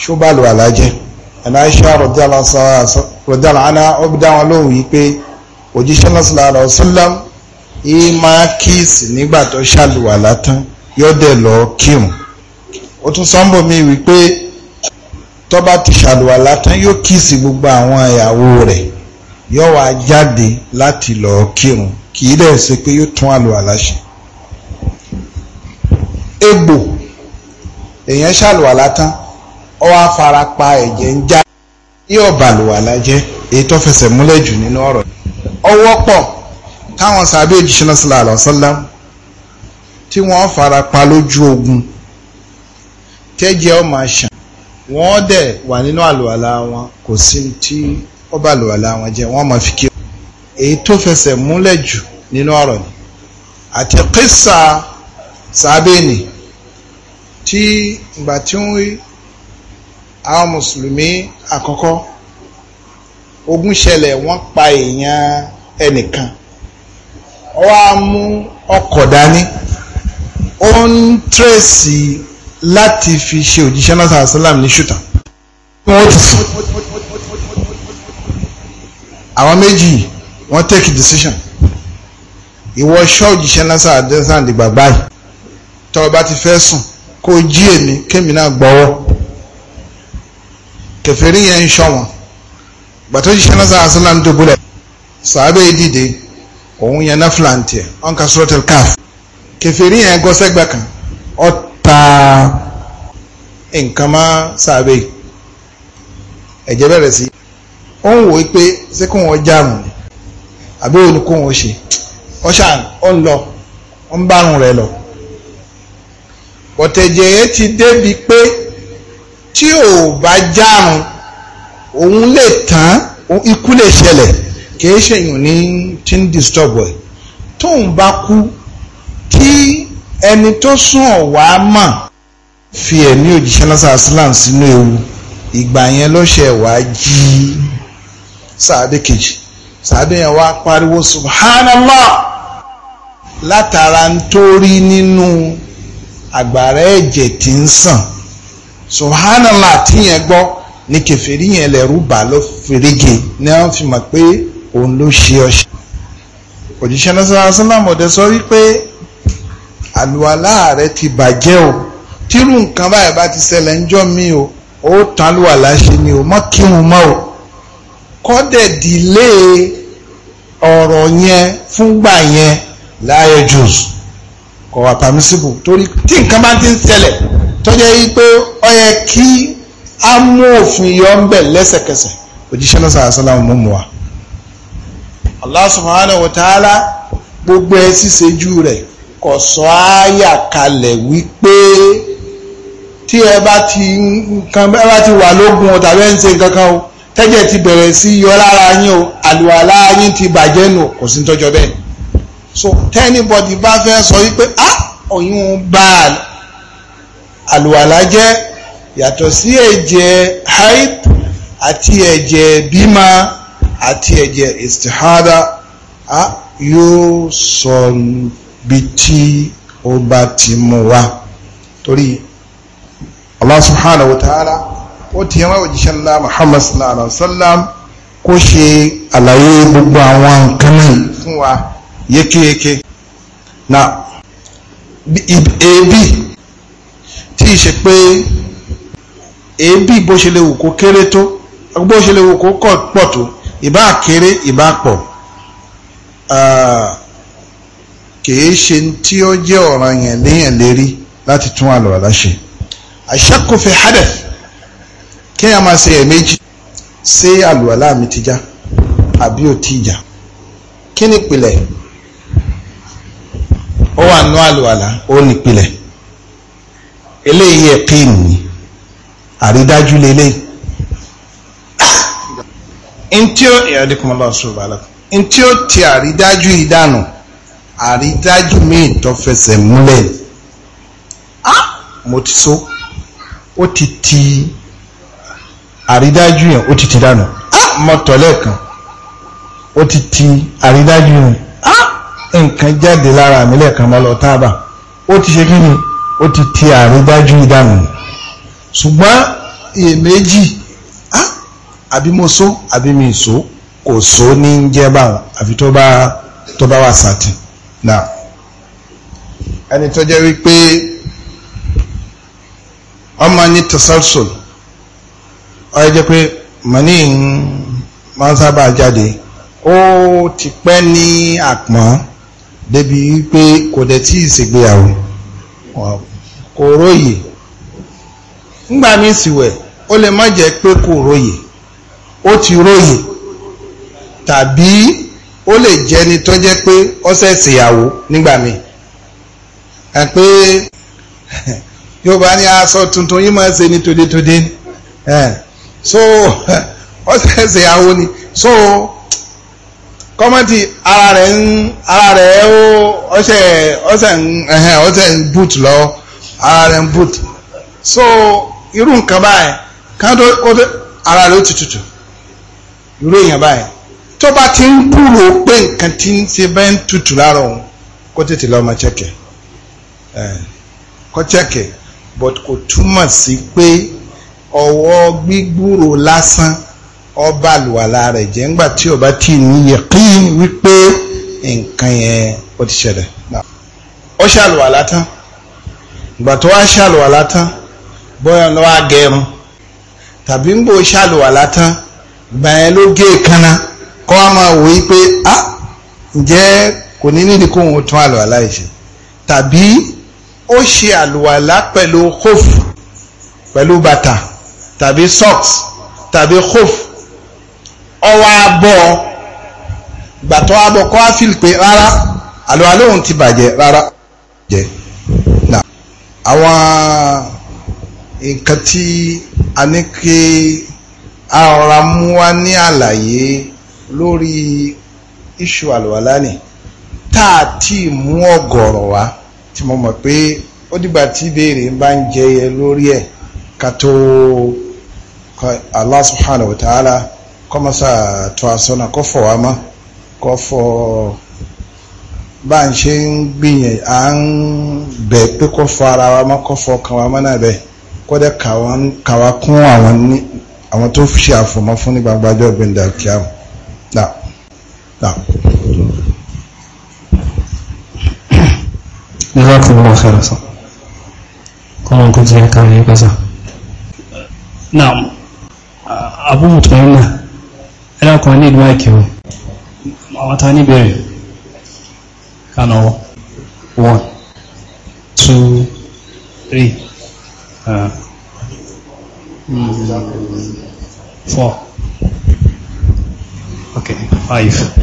ṣóbàlù alájẹ́ ẹ̀láṣà rọ̀dàlá aná ó dá wọn lóhùn yí pé òjíṣẹ́ lọ́sọ̀lá ọ̀sọ́lám yìí máa kíìsì nígbà tó ṣàlùwàlá tán yọ́dẹ̀ lọ kírun ó tún sọ́ńbọ̀ mi wípé tó bá ti ṣàlùwàlá tán yóò kíìsì gbogbo àwọn ìyàwó rẹ̀ yóò wá jáde láti lọ kírun kì í dẹ̀ ṣe pé yóò tún àlùwàlá ṣe egbò èèyàn ṣàlùwàlá tán ó wá fara pa ẹ̀jẹ̀ ń já yóò bàlùwàlá jẹ́ èyí tó fẹsẹ̀ múlẹ̀ jù nínú ọ̀rọ̀ ó wọ́pọ̀ táwọn sàbẹ̀ òjíṣẹ́ náà sallallahu alaihi wasallam tí wọ́n fara pa lójú ogun tẹ́jẹ́ ó máa ṣàn wọ́n dẹ̀ wà nínú àlùwàlá wọn kò sí tí ó bá wọn jẹ́ wọ́n máa fi kí èyí tó fẹsẹ̀ múlẹ̀ jù nínú ọ̀rọ̀ ni àti kísà sábẹ́ni tí ìgbà tí ń wí àwọn mùsùlùmí àkọ́kọ́ ogun ṣẹlẹ̀ wọ́n pa èèyàn ẹnìkan ó wá mú ọkọ̀ dání ó ń tírèsì láti fi ṣe òjíṣẹ́ náà sàlám ní ṣùtà àwọn méjì wọ́n take decision ìwọ ṣọ́ọ̀jì ṣẹ́násà àdẹ́sàn dìgbà báyìí tọ́ ọ bá ti fẹ́ sùn kó jí èmi kémi náà gbọ́wọ́ kẹfẹ́rí yẹn ń ṣọ̀wọ́n gbàtọ́ jíṣẹ́ náà sáà sílá ń dùbúlẹ̀ sàábẹ́ dìde òun yẹn náà fìlàǹtì ẹ̀ ọ̀n ka sọ́tẹ̀ káf kẹfẹ́rí yẹn gọ́ sẹ́gbẹ̀ kan ọ̀ ta nǹkan máa ẹ̀jẹ̀ bẹ̀rẹ̀ sí ó ń wò pé ṣé kó wọn jáàmù ni àbí òun kó wọn ṣe ọ̀ṣà ọ̀ ń lọ ọ̀ ń bárùn rẹ̀ lọ bọ̀tẹ̀jẹ̀ yẹn ti débi pé tí ò bá járun òun lè tán ikú lè ṣẹlẹ̀ kìí ṣèyàn ní tí ń disturb ẹ̀ tóun bá kú kí ẹni tó sún ọ̀wá mọ̀ fi ẹ̀mí òjíṣẹ́ lọ́sà islam sínú ewu ìgbà yẹn ló ṣe wá jí sáadé kejì sáadé yẹn wá pariwo subhanallah látara ń torí nínú àgbàrá ẹ̀jẹ̀ tí ń sàn subhanallah tíyẹn gbọ́ ni kẹfẹ́rí yẹn lẹ́rú bá ló fèrègè ni wọ́n fi mọ̀ pé òun ló ṣe ọṣẹ òjíṣẹ́ náà sálàmù ọ̀dẹ sọ wípé àlùwàlá rẹ ti bàjẹ́ o tírú nǹkan báyìí bá ti ṣẹlẹ̀ ń jọ́ mi o ó tán àlùwàlá ṣe ni o mọ́ kírun mọ́ o kọ́dẹ̀ dìlé ọ̀rọ̀ yẹn fúngbà yẹn láyé jùsù kò wà torí tí nǹkan bá ti ń ṣẹlẹ̀ tó jẹ́ pé yẹ kí a mú òfin yọ ń bẹ̀ lẹ́sẹ̀kẹsẹ̀ òjíṣẹ́ náà sàrà mú mu wa. Allah subhanahu gbogbo ẹ ṣíṣe jù rẹ̀ kò sọ kalẹ̀ wípé tí ẹ bá ti nǹkan ẹ bá ti wà lógun ń ṣe nǹkan kan o ti bẹ̀rẹ̀ sí yọ so tẹ́nibọ̀dì bá fẹ́ sọ wípé a ah, ọ̀yún bá àlùwàlá jẹ́ yàtọ̀ sí ẹ̀jẹ̀ haid àti ẹ̀jẹ̀ bímọ àti ẹ̀jẹ̀ istihada a yóò sọnù bí tí ó bá ti mú wa torí Allah subhanahu wa ta'ala ó ti yẹn wá òjíṣẹ́ ńlá Muhammad sallallahu alaihi wa sallam kó ṣe àlàyé gbogbo àwọn nǹkan náà fún wa. yeke na ebi tí ì ṣe pé èébì bó ṣe lè wù kó kéré tó bó ṣe lè wù kó pọ̀ tó ìbá kéré ìbá pọ̀ kìí ṣe tí ó jẹ́ ọ̀ràn yẹn léyàn lérí láti tún àlùwàlá ṣe àṣàkófẹ́ hadef kí a máa ṣe ṣé àlùwàlá mi ó wà nú àlùwàlà ó nípìlẹ̀ eléyìí ẹ̀kín ni àrídájú lélẹ̀ ntí ó ìyàdínkùnmọ́lá ọ̀ṣọ́ba alákùn ntí ó ti àrídájú ìdánù àrídájú míì tó fẹsẹ̀ múlẹ̀ ah mo ti so ó ti ti àrídájú yẹn ó ti ti dànù ah mọ̀tọ́lẹ̀ kan ó ti ti àrídájú yẹn nǹkan jáde lára mi lẹ́ẹ̀kan mọ́ lọ tábà ó ti ṣe kí ni ó ti ti àrídájú ìdánù ṣùgbọ́n èméjì àbí mo so àbí mi so kò so ní ń jẹ́ báwọn àfi tó bá tó bá wà sàtì náà ẹni tó jẹ́ wípé ọmọ ní tasalsul ọ jẹ́ pé mọ̀ní ń máa ń sábà jáde ó ti pẹ́ ní àpọ́n. débi wípé kò dẹ̀ tí ì ṣègbéyàwó kò róye ńgbà mí si ó lè má jẹ́ pé kò róye ó ti róye tàbí ó lè jẹni tó jẹ́ pé ó ṣẹ̀ṣẹ̀ ìyàwó nígbà mí pé Yorùbá ní aṣọ tuntun yìí máa ni ṣe ní tòdétòdé so ni so. kọ́mọ́tì ara rẹ̀ ń ara rẹ̀ ó ọṣẹ ọṣẹ ń ẹ̀hẹ́n ọṣẹ ń boot lọ ara rẹ̀ ń boot so irú nǹkan báyìí kan tó kó tó ara rẹ̀ ó ti tutù irú èèyàn báyìí tó bá ti ń kúrò pé nǹkan ti ń ṣe bẹ́ẹ̀ ń tutù lára òun kó tètè lọ́ọ́ máa chẹ́kẹ̀ kó chẹ́kẹ̀ but kò túmọ̀ sí pé ọwọ́ gbígbúrò lásán ọba àlùwàlà rẹ̀ jẹ́ ńgbà tí ọba tí ní yẹ̀kín wípé nǹkan yẹn ó ti ṣẹlẹ̀ ó ṣàlùwàlà tán ìgbà tó wá ṣàlùwàlà tán bóyá ló wá gẹrun tàbí ń bò ṣàlùwàlà tán ìgbà yẹn ló gé èékánná kọ́ á máa wòye pé ah ǹjẹ́ kò ní nídìí kó òun tún àlùwàlà yìí ṣe tàbí ó ṣe àlùwàlà pẹ̀lú hof pẹ̀lú bàtà tàbí socks tàbí hof ọwọ́ abọ́ gbàtọ́ abọ́ kọ́ áfíìl pé rárá àlọ́ alóhùn ti bàjẹ́ rárá jẹ́ nà àwọn nǹkan tí a ní kí ara mú wá ní àlàyé lórí iṣu àlùwàlá ni tá a ti mú ọ̀gọ̀rọ̀ wá tí mo mọ̀ pé ó dìgbà tí ìbéèrè bá ń jẹyẹ lórí ẹ̀ ká tó Allah subhanahu wa ta'ala kọ́mọ́sà tún asọ́nà kó fọ̀ wá mọ́ kó fọ bá ń ṣe ń gbìyàn à ń bẹ̀ pé kó fọ ara wa mọ́ kó fọ ọkàn wa mọ́ náà bẹ́ẹ̀ kó dẹ́ kàwá kún àwọn tó ṣe àfọ̀mọ́ fún ní gbangba ọjọ́ ìgbìndà kíámù. Now, now. Jazakumullahu khairan sa. Kuma ku je kan yi kasa. Na'am. Abu Mutmainna ẹlọ́kan ní ìdúmáìkì o àwọn ta níbẹ̀rẹ̀ kánà one two three uh, mm, four okay five.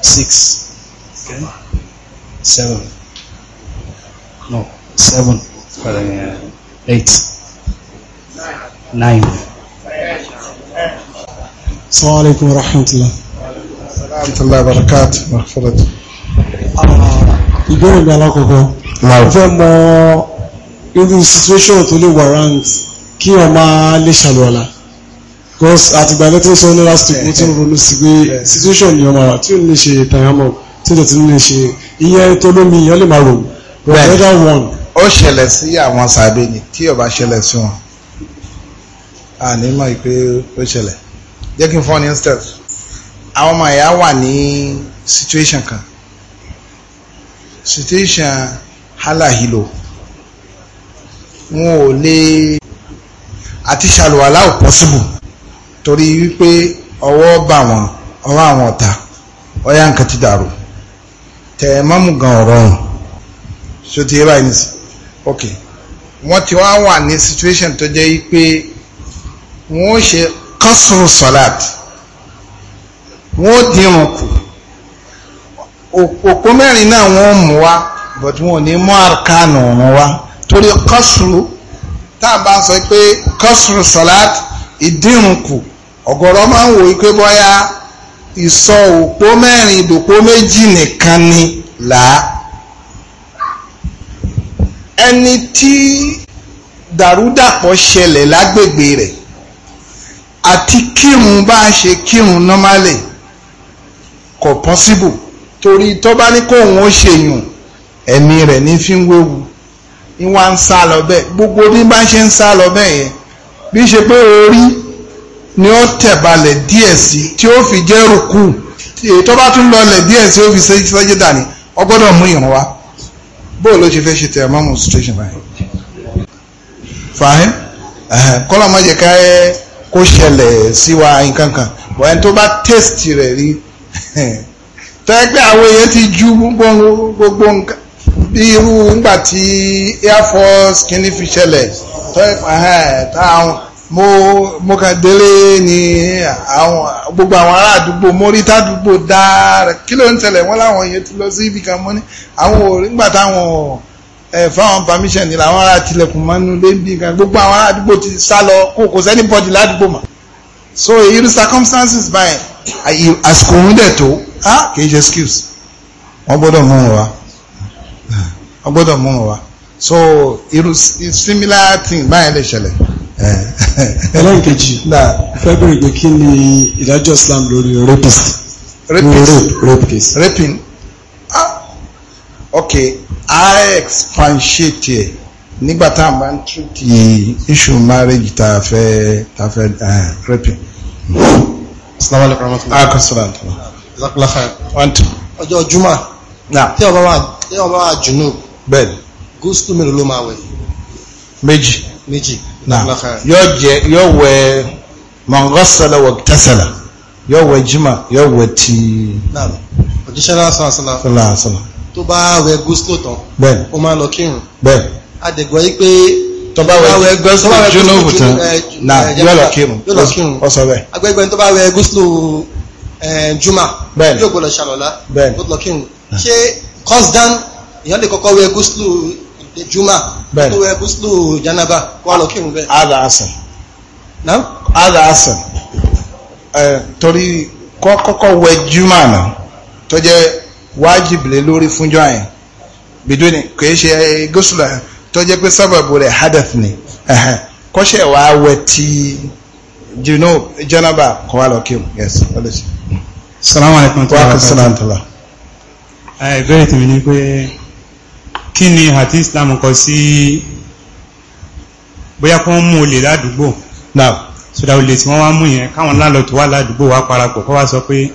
six seven no seven eight nine. Assalamu alaikum wa rahmatullah. Alhamdulilayi barakat mahfurat. Ìbéèrè mi alákọ̀ọ́kọ́. Mo fẹ́ mọ irú situation tó lè warrant kí wọ́n máa lè ṣàlùwàlà. Because àtìgbà ilé tí ń sọ ní last week mo ti ń eh, eh. ronú sí pé eh. situation ni ọmọ rà tí ò ní ṣe tayamọ̀ tí ò ti ní ṣe iye tó lómi ìyẹn lè máa rò. Bẹ́ẹ̀ni ó ṣẹlẹ̀ sí àwọn sàbẹ̀ ni tí ó bá ṣẹlẹ̀ sí wọn àní mọ̀ pé ó ṣẹlẹ̀ jẹ́ kí n fọ́ ní instance àwọn ọmọ ìyá wà ní situation kan situation halahilo wọn ò lè àti ṣàlùwàlá ò pọ́síbù torí wípé ọwọ́ bà wọ́n ọwọ́ àwọn ọ̀tá ọyá nǹkan ti dàrú tẹ̀ ẹ́ mọ́mù gan ọ̀rọ̀ ọ̀hún ṣó ti yé báyìí nísìnyí ok wọ́n ti wá wà ní situation tó jẹ́ wípé wọn ó ṣe kọ́sùrù sọ́láàt wọn ó dìrùn kù òpó mẹ́rin náà wọn ó mú wá but wọn ò ní mú àrkánù ọ̀run wá torí kọ́sùrù tá a bá sọ pé kọ́sùrù sọ́láàt ìdírùn kù ọ̀gọ̀rọ̀ máa ń wò wípé bọ́yá ìsọ òpó mẹ́rin ìdòpó méjì nìkan ni làá ẹni tí dàrúdàpọ̀ ṣẹlẹ̀ lágbègbè rẹ̀ àti kírun bá a ṣe kírun normally kò possible torí tó bá ní kóun ó ṣèyùn ẹ̀mí rẹ̀ ní fi ń wéwu ní wá ń sá lọ bẹ́ẹ̀ gbogbo bí bá ṣe ń sá lọ bẹ́ẹ̀ yẹn bí ṣe pé orí ni ó tẹ̀balẹ̀ díẹ̀ sí tí ó fi jẹ́ rùkù èyí tó bá tún lọlẹ̀ díẹ̀ sí ó fi ṣe ṣẹ́jẹ́ dání ó gbọ́dọ̀ mú ìrún wá bóò ló ṣe fẹ́ ṣe tẹ̀ mọ́mú situation báyìí fàáhìn kọ́lọ́ má jẹ́ ká ẹ́ kó ṣẹlẹ̀ sí wa nǹkan kan bọ̀ ẹni tó bá tẹ́sítì rẹ̀ rí tẹ́gbẹ́ àwọn èèyàn ti ju gbogbo nǹkan bí irú ngbà tí air force kìíní fi ṣẹlẹ̀ mo mo kàn délé ni àwọn gbogbo àwọn ará àdúgbò móríta àdúgbò dáa kí ló ń ṣẹlẹ̀ wọ́n láwọn èèyàn ti lọ sí ibì kan mọ́ ní àwọn òrìngbà táwọn ẹ fáwọn permission ni làwọn ará tilẹ̀kùn mọ́nú lé ń bí nǹkan gbogbo àwọn ará àdúgbò ti sá lọ kó kò sẹ́ni bọ́dì ládùúgbò mọ́ so irú circumstances báyìí àsìkò òun dẹ̀ tó kì í ṣe skills wọ́n gbọ́dọ̀ mú wọn wá wọ́n gbọ́dọ̀ mú wọn wá so irú similar thing báyìí lè ṣẹlẹ̀. ẹlẹ́nkejì fẹ́ bèrè pé kí ni ìdájọ́ Islam lórí rapist. rapist Rapist. case ok i expatiate ẹ̀ nígbà tá a máa ń treat issue marriage tá a fẹ́ tá a fẹ́ eh, raping. asalaamu alaykum rahmatulah. akọ sọlá ntọ. ìsàkùlá xayọ. one two. ọjọ́ juma. na tí ọba wa tí ọba wa junub. bẹ́ẹ̀ni. gúúsù mélòó ló máa wẹ̀. méjì. méjì. na yóò jẹ yóò wẹ̀ mọ̀ngọ́sálà wọ̀ tẹ́sálà yóò wẹ̀ juma yóò wẹ̀ tí. naam òjíṣẹ́ náà sọ̀rọ̀ sọ̀rọ̀. sọ̀rọ̀ sọ̀rọ̀ tó bá wẹ gúúsùlò tán bẹ́ẹ̀ ó máa lọ kírun bẹ́ẹ̀ adẹ̀gbọ́ yí pé tó bá wẹ gúúsùlò júnúbù tán na yóò lọ kírun ó sọ bẹ́ẹ̀ agbẹ́gbẹ́ tó bá wẹ gúúsùlò juma yóò gbọ́dọ̀ ṣàlọ́lá ó lọ kírun ṣé kọ́sdán èèyàn lè kọ́kọ́ wẹ gúúsùlò juma tó wẹ gúúsùlò janaba kó wá lọ kírun bẹ́ẹ̀. ada asan ada asan torí kọ́kọ́ wẹ juma náà tó jẹ́ wájìbì lé lórí fúnjọ́ yẹn bìdúni kìí ṣe gọ́sùlà tó jẹ́ pé sábàbù rẹ̀ hadath ni kọ́ṣẹ́ wa wẹ̀ tí jẹ́nàbà kọ́ wa lọ mu yes ọlọ́sì. salamu alaykum wa rahmatulah. ìbéèrè tèmi ni pé kí ni àti islam kọ sí bóyá kó ń mú olè ládùúgbò sódà olè tí wọ́n wá mú yẹn káwọn lálọ́ tó wà ládùúgbò wá parapọ̀ kó wá sọ pé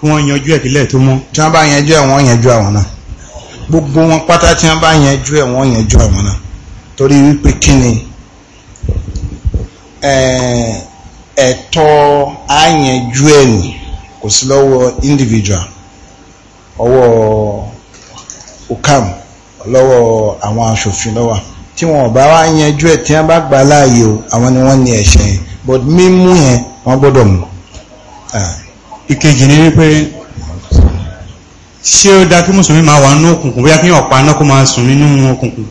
kí wọ́n yanjú ẹ̀ kílẹ̀ tó mọ́. tí wọ́n bá yanjú ẹ̀ wọ́n yanjú àwọn náà gbogbo wọn pátá tí wọ́n bá yanjú ẹ̀ wọ́n yanjú àwọn náà torí wípé kí ni ẹ̀tọ́ àyanjú ẹ̀ nì kò sí lọ́wọ́ individual ọwọ́ okam lọ́wọ́ àwọn aṣòfin lọ́wọ́ tí wọn bá wá yanjú ẹ̀ tí wọ́n bá gbà láàyè o àwọn ni wọ́n ní ẹ̀ṣẹ̀ yẹn but mímú yẹn wọ́n gbọ́dọ̀ mú ìkejì ni wípé ṣé ó dá kí mùsùlùmí máa wà nínú òkùnkùn bóyá kí ọ̀pá náà kó máa sùn nínú òkùnkùn.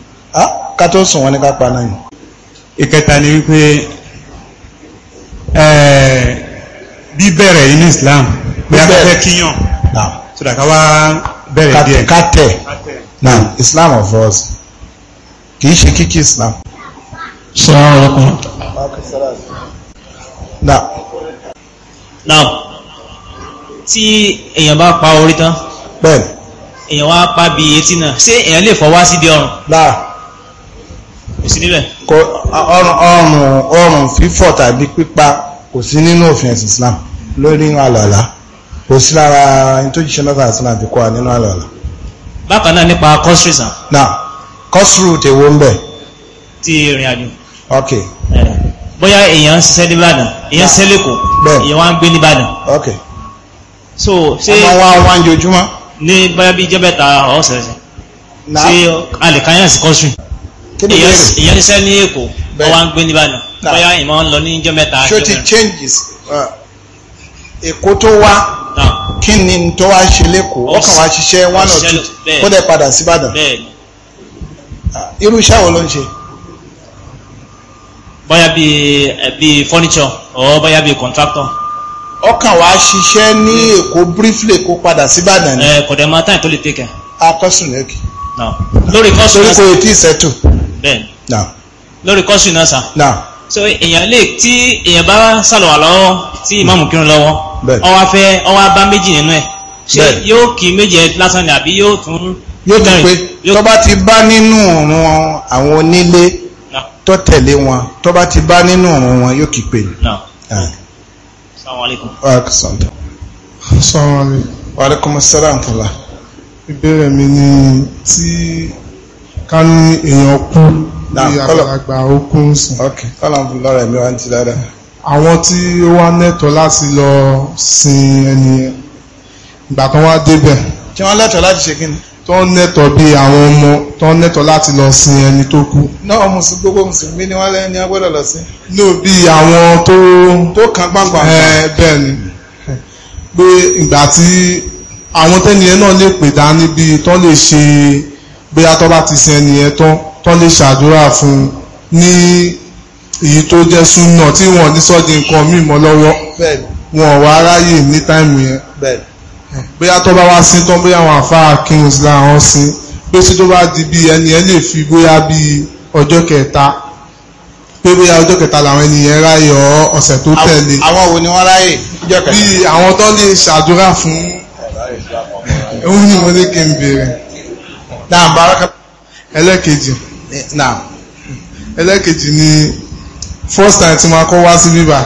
ká tó sùn wọn ní ká náà ìkẹta ni wípé bíbẹ̀rẹ̀ inú Islam bóyá ká fẹ́ kíyàn sódà ká wá bẹ̀rẹ̀ díẹ̀. ká tẹ̀ náà Islam of us kì í ṣe kíkí Islam. sọ́wọ́n ọlọ́kùnrin. náà. náà tí èèyàn bá pa orí tán bẹ́ẹ̀ èèyàn wá pa bí etí náà ṣé èèyàn lè fọwọ́ sí di ọrùn. láà kò sí níbẹ̀. ọrùn ọrùn fífọ̀ tàbí pípa kò sí nínú òfin ẹ̀sìn Islam lórí àlọ́lá kò sí lára ẹni tó jíṣẹ́ lọ́sàn àti láti kọ́ nínú àlọ́lá. bákan náà nípa kọ́sùrù sàn. náà kọ́sùrù tèwo ń bẹ̀. ti ìrìn àjò. ok. bóyá èèyàn ń ṣiṣẹ́ ní Ìbàdàn èèyàn ń ṣiṣẹ́ lẹ́kọ̀ọ́ èèyàn wá ń gbé ní Ìbàdàn. ok. so ṣe ọmọ wa wá ń ní báyá bí jẹ́bẹ̀ta ọ̀sẹ̀sẹ̀ ṣe alìkáyàn sí kọ́sùn èyàn ní èkó wọ́n wá ń gbé níbàdàn báyá ìmọ̀ ń lọ ní jẹ́bẹ̀ta ti changes èkó tó wá kí ni tó wá ṣe lẹ́kọ̀ọ́ ọkàn wá ṣiṣẹ́ one or two kó dẹ̀ padà síbàdàn ah, irú iṣẹ́ wo ló ń ṣe eh, furniture or contractor ọkàn wa ṣiṣẹ́ ní èkó briefly kó padà sí ìbàdàn ni. ẹ eh, kò dẹ̀ máa tán tó lè tẹ̀kẹ̀. akọ́sùn lẹ́kì. lórí kọ́sùn náà sà. torí kò tí ì sẹ́tù. bẹ́ẹ̀ni lórí kọ́sùn náà sà. so èèyàn lè tí èèyàn bá sàlùwà lọ́wọ́ tí ìmáàmù kírun lọ́wọ́ ọwọ́ afẹ́ ọwọ́ abá méjì nínú ẹ̀ ṣé yóò kí méjì lásán ni àbí yóò tún. yóò tún pé tó bá ti bá nínú òrùn àwọn onílé tó tẹ̀lé wọn tó bá ti bá nínú òrùn wọn yóò kí pé. Assalamualaikum. Wàlékùn sẹ́lá ǹtọ́lá. Ìbéèrè mi ni tí ká ní èèyàn kú bí àgbàlagbà okùn sùn. Ok, kọ́lá ń bu lọ́rọ̀ ẹ̀mí wá ń ti dáadáa. Àwọn tí ó wá nẹ́tọ̀ láti lọ sin ẹni ìgbà kan wá débẹ̀. Kí wọ́n lẹ́tọ̀ láti ṣe kí ni? tó ń nẹ́tọ̀ bí àwọn ọmọ tó ń nẹ́tọ̀ láti lọ sin ẹni tó kú. náà mùsùlùmí gbogbo mùsùlùmí ni wọ́n lẹ́ni agbọ́dọ̀ lọ sí. ní bí àwọn tó. tó kàn gbàgbà. bẹ́ẹ̀ ni pé ìgbà tí àwọn tẹ́niyẹn náà lè pè dání bí tó lè ṣe bóyá tó bá ti sin ẹniyẹn tán tó lè ṣàdúrà fún un ní èyí tó jẹ́ súnà tí wọ́n ní sọ́ọ̀dì nǹkan mímọ́ lọ́wọ́ wọn ò wá ráyè ní táìmù yẹn. bẹ́ẹ̀ bóyá tó bá wá sí tán bóyá àwọn àfáà kings làwọn sí pé tí tó bá di bí ẹni ẹ lè fi bóyá bí ọjọ́ kẹta pé bóyá ọjọ́ kẹta làwọn ènìyàn ráyè ọ ọ̀sẹ̀ tó tẹ̀lé. àwọn wo ni wọ́n ráyè ọjọ́ kẹta. bí àwọn tó lè ṣàdúrà fún òun ni mo ní kí n béèrè. náà baraka. ẹlẹ́kejì. náà. ẹlẹ́kejì ni first time tí mo kọ́ wá sí bíbà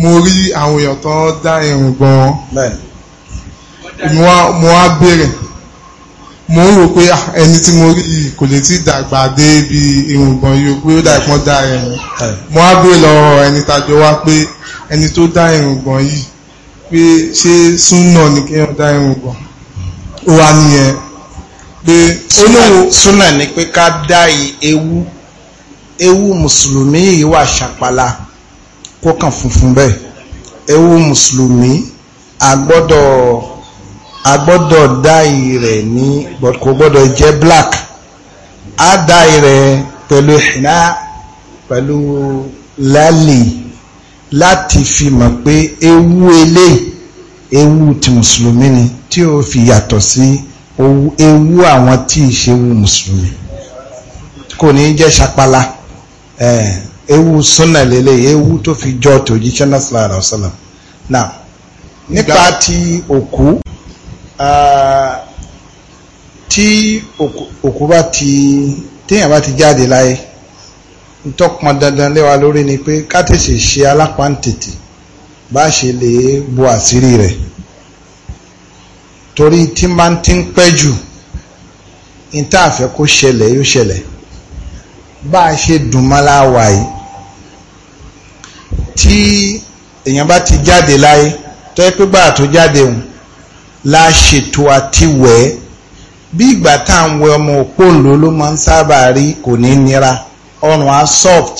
mo rí àwọn èèyàn tó dá irun gbọ́n. bẹ́ẹ̀ mo wá béèrè mo ń rò pé ah, ẹni tí mo rí yìí kò lè ti dàgbà dé ibi irùngbọ̀n yìí pé ó dà ìpọ́n dá ẹ̀yìn mo wá béèrè lọ́wọ́ ẹni tàjọ wá pé ẹni tó dá irùngbọ̀n yìí pé ṣé súnà ni kí wọ́n dá irùngbọ̀n ó wà nìyẹn pé ó lóun. súnà ni pé ká dá ewu ewu mùsùlùmí yìí wà ṣàpàlà kó kàn funfun bẹ́ẹ̀ ewu mùsùlùmí a gbọ́dọ̀ a gbọ́dọ̀ dáì rẹ̀ ní kò gbọ́dọ̀ jẹ́ black a dáì rẹ̀ pẹ̀lú hìnà pẹ̀lú lálì láti fi mọ̀ pé ewu elé ewu ti mùsùlùmí ni tí ó fi yàtọ̀ sí ewu àwọn tí ì ṣe ewu mùsùlùmí kò ní jẹ́ sapala eh, ewu súnà lélẹ̀ ewu tó fi jọ tòjíṣẹ́ náà sallallahu alaihi náà nípa ti òkú tí òkú bá ti téèyàn bá ti jáde láyé ntọ́pọn dandan léwa lórí ni pé ká tèsè ṣe alápáǹtètè bá ṣe lè bo àṣírí rẹ̀ torí tí máa ń ti ń pẹ́ jù níta àfẹ́ kó ṣẹlẹ̀ yóò ṣẹlẹ̀ bá a ṣe dùnmọ́lá wà yìí tí èèyàn bá ti jáde láyé tó yẹ pé gbà tó jáde òun la ṣètò àti wẹ̀ ẹ́ bí ìgbà tá à ń wẹ ọmọ òpóǹlò ló máa ń sábà rí kò ní nira ọrùn á soft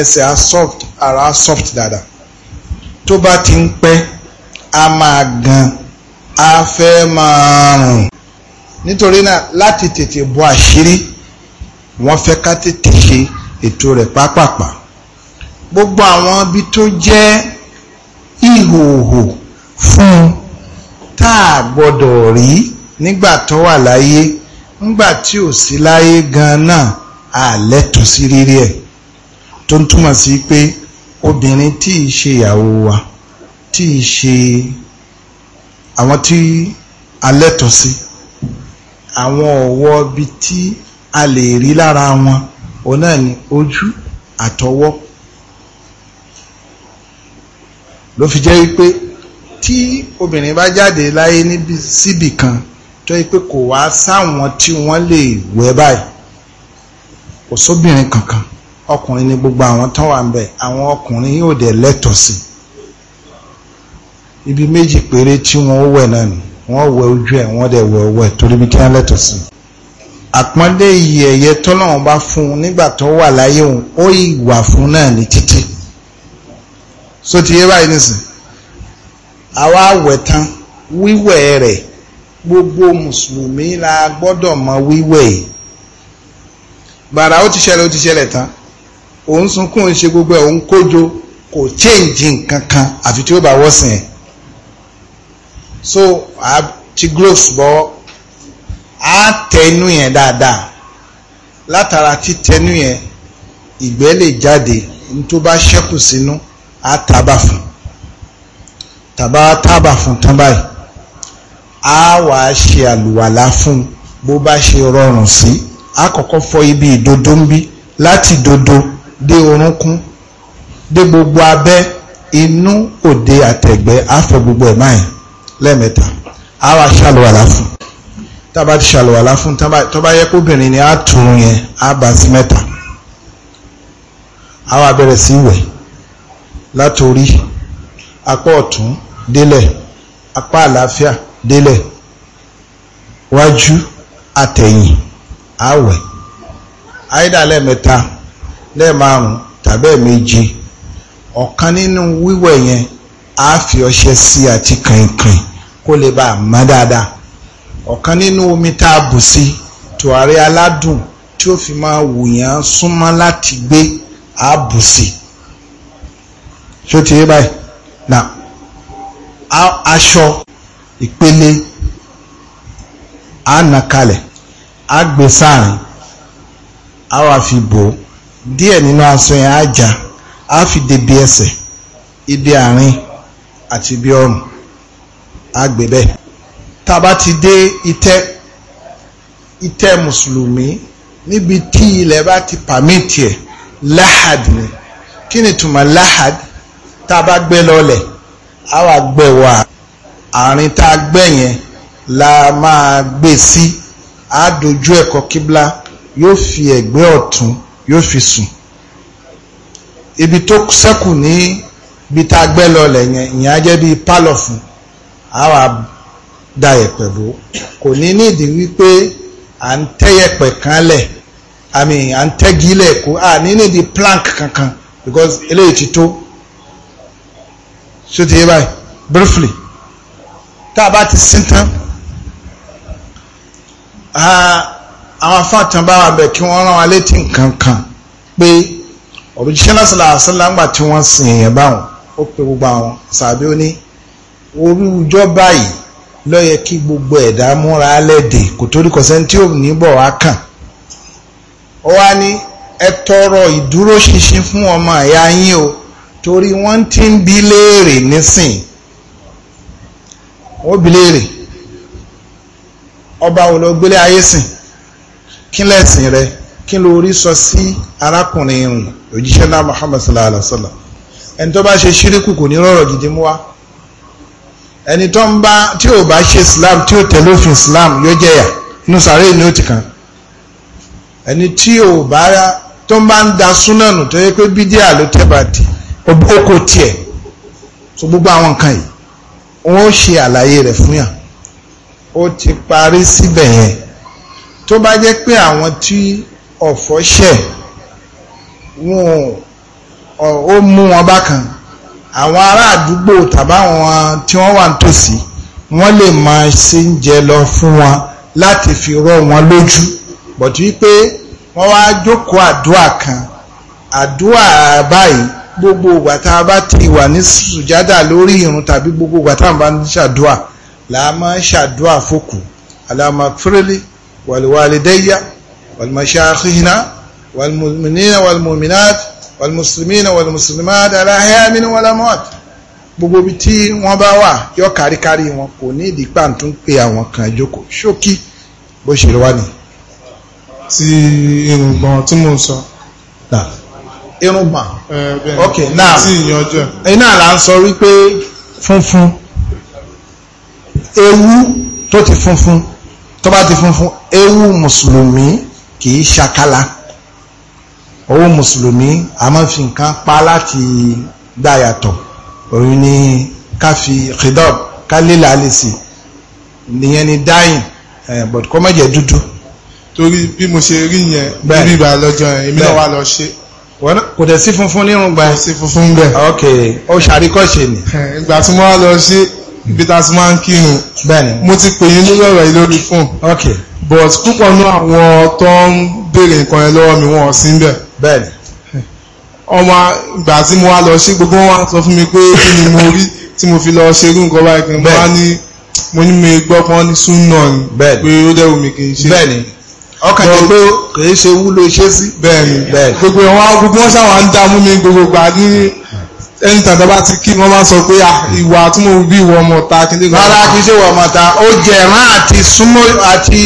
ẹsẹ̀ á soft ara á soft dada tó bá ti ń pẹ́ a máa gan a fẹ́ máa rùn nítorí náà láti tètè bọ àṣírí wọ́n fẹ́ ká tètè ṣe ètò rẹ̀ pápápá gbogbo àwọn ibi tó jẹ́ ìhòòhò fún un tá a gbọ́dọ̀ rí nígbà tó wà láyé nígbà tí ò sí láyé gan-an náà a lẹ́tọ̀ọ́ sí rírí ẹ̀ tó ń túmọ̀ sí pé obìnrin tí ì ṣe ìyàwó wa tí ì ṣe àwọn tí a lẹ́tọ̀ọ́ sí àwọn ọ̀wọ́ bí tí a lè rí lára wọn òun náà ni ojú àtọwọ́ ló fi jẹ́ wípé tí obìnrin bá jáde láyé níbi síbì kan tó yẹ pé kò wá sáwọn tí wọ́n lè wẹ̀ báyìí kò sóbìnrin kankan ọkùnrin ni gbogbo àwọn tán wà ń bẹ̀ àwọn ọkùnrin yóò dẹ̀ lẹ́tọ̀ọ́ sí ibi méjì péré tí wọ́n wẹ̀ náà ni wọ́n wẹ̀ ojú ẹ̀ wọ́n dẹ̀ wẹ̀ ọwọ́ ẹ̀ torí bí kí wọ́n lẹ́tọ̀ọ́ sí àpọ́nlé iyì ẹ̀yẹ tọ́lọ́run bá fún un nígbà tó wà láyé òun ó ìwà fún náà ní títí so yé báyìí nísìnyí àwa wẹ̀ tán wíwẹ̀ rẹ̀ gbogbo mùsùlùmí la gbọ́dọ̀ mọ wíwẹ̀ yìí bàrà ó ti ṣẹlẹ̀ ó ti ṣẹlẹ̀ tán òun sunkún òun ṣe gbogbo ẹ̀ òun kójo kò chéǹjì nǹkan kan àfi tí ó bá wọ́sìn ẹ̀ so a ti gloves bọ́ a tẹnu yẹn dáadáa látara títẹnu yẹn ìgbẹ́ lè jáde ní tó bá ṣẹ́kù sínú a tábà fún tàbá tábà fún tán báyìí a wà á ṣe àlùwàlá fún bó bá ṣe rọrùn sí a kọ́kọ́ fọ ibi ìdodo ń bí láti dodo dé orúnkún dé gbogbo abẹ́ inú òde àtẹ̀gbẹ́ a fọ gbogbo ẹ̀ báyìí lẹ́ẹ̀mẹ́ta a wà ṣàlùwàlá fún tábà ti ṣàlùwàlá fún tọ́bá yẹ kóbìnrin ni a tún yẹn a bá sí mẹ́ta a wà bẹ̀rẹ̀ sí wẹ̀ látòrí apá ọ̀tún délẹ̀ apá àlàáfíà délẹ̀ wájú àtẹ̀yìn àwẹ̀ àìdá lẹ́ẹ̀mẹ́ta lẹ́ẹ̀márùn tàbí ẹ̀ẹ̀méje ọ̀kan nínú wíwẹ̀ yẹn a fi ọṣẹ sí àti kàìnkàìn kó lè bá a mọ́ dáadáa ọ̀kan nínú omi tá a bù sí tùwárí aládùn tí ó fi máa wùyàn súnmọ́ láti gbé a bù sí ṣó ti yé báyìí náà aṣọ ìpele àánakalẹ̀ àgbèsáàrin a wà fi bò ó díẹ̀ nínú aṣọ yẹn á já a fi dèbí ẹsẹ̀ ibi àárín àti ibi ọrùn á gbé bẹ́ẹ̀ tá ti dé itẹ́ itẹ́ mùsùlùmí níbi tí ilẹ̀ bá ti pàmìtì ẹ̀ láhàd ni kí ni túmọ̀ láhàd tá a bá gbé lọ́lẹ̀ àwa gbẹ̀wà àárín tá a gbẹ̀ yẹn la máa gbé sí a dojú ẹ̀kọ́ kíbla yóò fi ẹ̀gbẹ́ ọ̀tún yóò fi sùn ibi tó sẹ́kù ní ibi tá a gbẹ́ lọlẹ̀ yẹn ìyẹn á jẹ́ bíi pálọ̀ fún àwa da yẹ̀pẹ̀ bò kò ní nídìí wípé à ń tẹ́ yẹ̀pẹ̀ kan lẹ̀ àmì à ń tẹ́gi lẹ̀ kó à ní nídìí plank kankan because eléyìí ti tó. So ti yé báyìí briefly tá a bá ti sin tán àwọn afáàtàn bá wà bẹ̀ kí wọ́n rán wa létí nǹkan kan pé òbíṣẹ́ náà sọ̀rọ̀ àṣàlá ńgbà tí wọ́n sin èèyàn báwọn ó pe gbogbo àwọn sàbí ó ní orí ọjọ́ báyìí ló yẹ kí gbogbo ẹ̀dá múra lẹ́dẹ̀ kò torí kọ̀sẹ́ni tí ò ní bọ̀ wá kàn ó wá ní ẹ tọrọ ìdúróṣinṣin fún ọmọ ìyá yín o. torí wọ́n ti ń bi léèrè nísìn ó bí léèrè ọba wo ló gbélé ayé sìn kí lẹ́sìn rẹ kí ló rí sọ sí arákùnrin rùn òjíṣẹ́ náà Muhammad sallallahu wa sallam ẹni tó bá ṣe ṣíríkù kò ní gidi mú Islam tí ò tẹ̀lé òfin Islam yóò jẹ̀yà inú sàárè ni ó ti kàn ẹni tí ò oko tiẹ̀ so gbogbo àwọn nǹkan yìí wọ́n ṣe àlàyé rẹ̀ fún yàn ó ti parí síbẹ̀ yẹn tó bá jẹ́ pé àwọn tí ọ̀fọ̀ ṣẹ̀ wọn ó mú wọn bákan àwọn ará àdúgbò tàbáwọn tí wọ́n wà nítòsí wọ́n lè máa ṣe ń jẹ lọ fún wọn láti fi rọ́ wọn lójú bọ̀tú wípé wọ́n wá jókòó àdúrà kan àdúrà báyìí gbogbo ìgbà tá a bá ti wà ní sùjádà lórí irun tàbí gbogbo ìgbà tá a bá ń ṣàdúà làá máa ń ṣàdúà fòkù aláàmàfírẹ́lì wàlúwàlídẹ́yà wàlúmọ̀ṣáhìnà wàlúmọ̀mìnà wàlúmọ̀mìnàt wàlúmùsùlùmínà wàlúmùsùlùmáàt aláhẹ́mínà wàlámọ́t gbogbo ibi tí wọ́n bá wà yọ káríkárí wọn kò ní ìdí pàǹtún pé àwọn kan jókòó ṣókí bó ṣe wá ni. ti irùngbọ̀n tí mo sọ irùngbọ̀n eh, ok now iná là ń sọ wípé funfun ewu tó ti funfun tó bá ti funfun ewu mùsùlùmí kì í ṣakala owó mùsùlùmí a máa fi nǹkan pa láti dáyàtọ̀ òun ni ká fi khidob ká lílà lè sí ni dáyìn eh, but kọ́ mọ̀jẹ̀ dúdú. torí bí mo ṣe rí yẹn bíbí ìbá yẹn èmi náà wà lọ ṣe kò dẹ̀ sí funfun nírun gbà sí funfun bẹ́ẹ̀ ok ó ṣàríkọ́ṣe ni. ìgbà tí wọ́n lọ sí ibi tá a ti máa ń kírun bẹ́ẹ̀ni mo ti pè yín lórí ọ̀rọ̀ yìí lórí fóònù ok but púpọ̀ nú àwọn tó ń béèrè nǹkan yẹn lọ́wọ́ mi wọ́n sí ń bẹ̀ bẹ́ẹ̀ni ọmọ ìgbà tí mo wá lọ sí gbogbo wọn sọ fún mi pé kí ni mo rí tí mo fi lọ ṣerú nǹkan báyìí kan mo mo ní mi gbọ́ pọ́n ní ọkàn jẹ́ pé kìí ṣe wúlò ṣe sí bẹ́ẹ̀ni gbogbo wọn agun bí wọ́n ṣàwọn ń dààmú mi gbogbo gbà ní ẹni tàbí bá ti kí wọ́n máa sọ pé ìwà tí mo bí ìwọ ọmọ ta kí ní. rárá kì í ṣe ìwà ọmọ ta ó jẹ̀rán àti súnmọ́ àti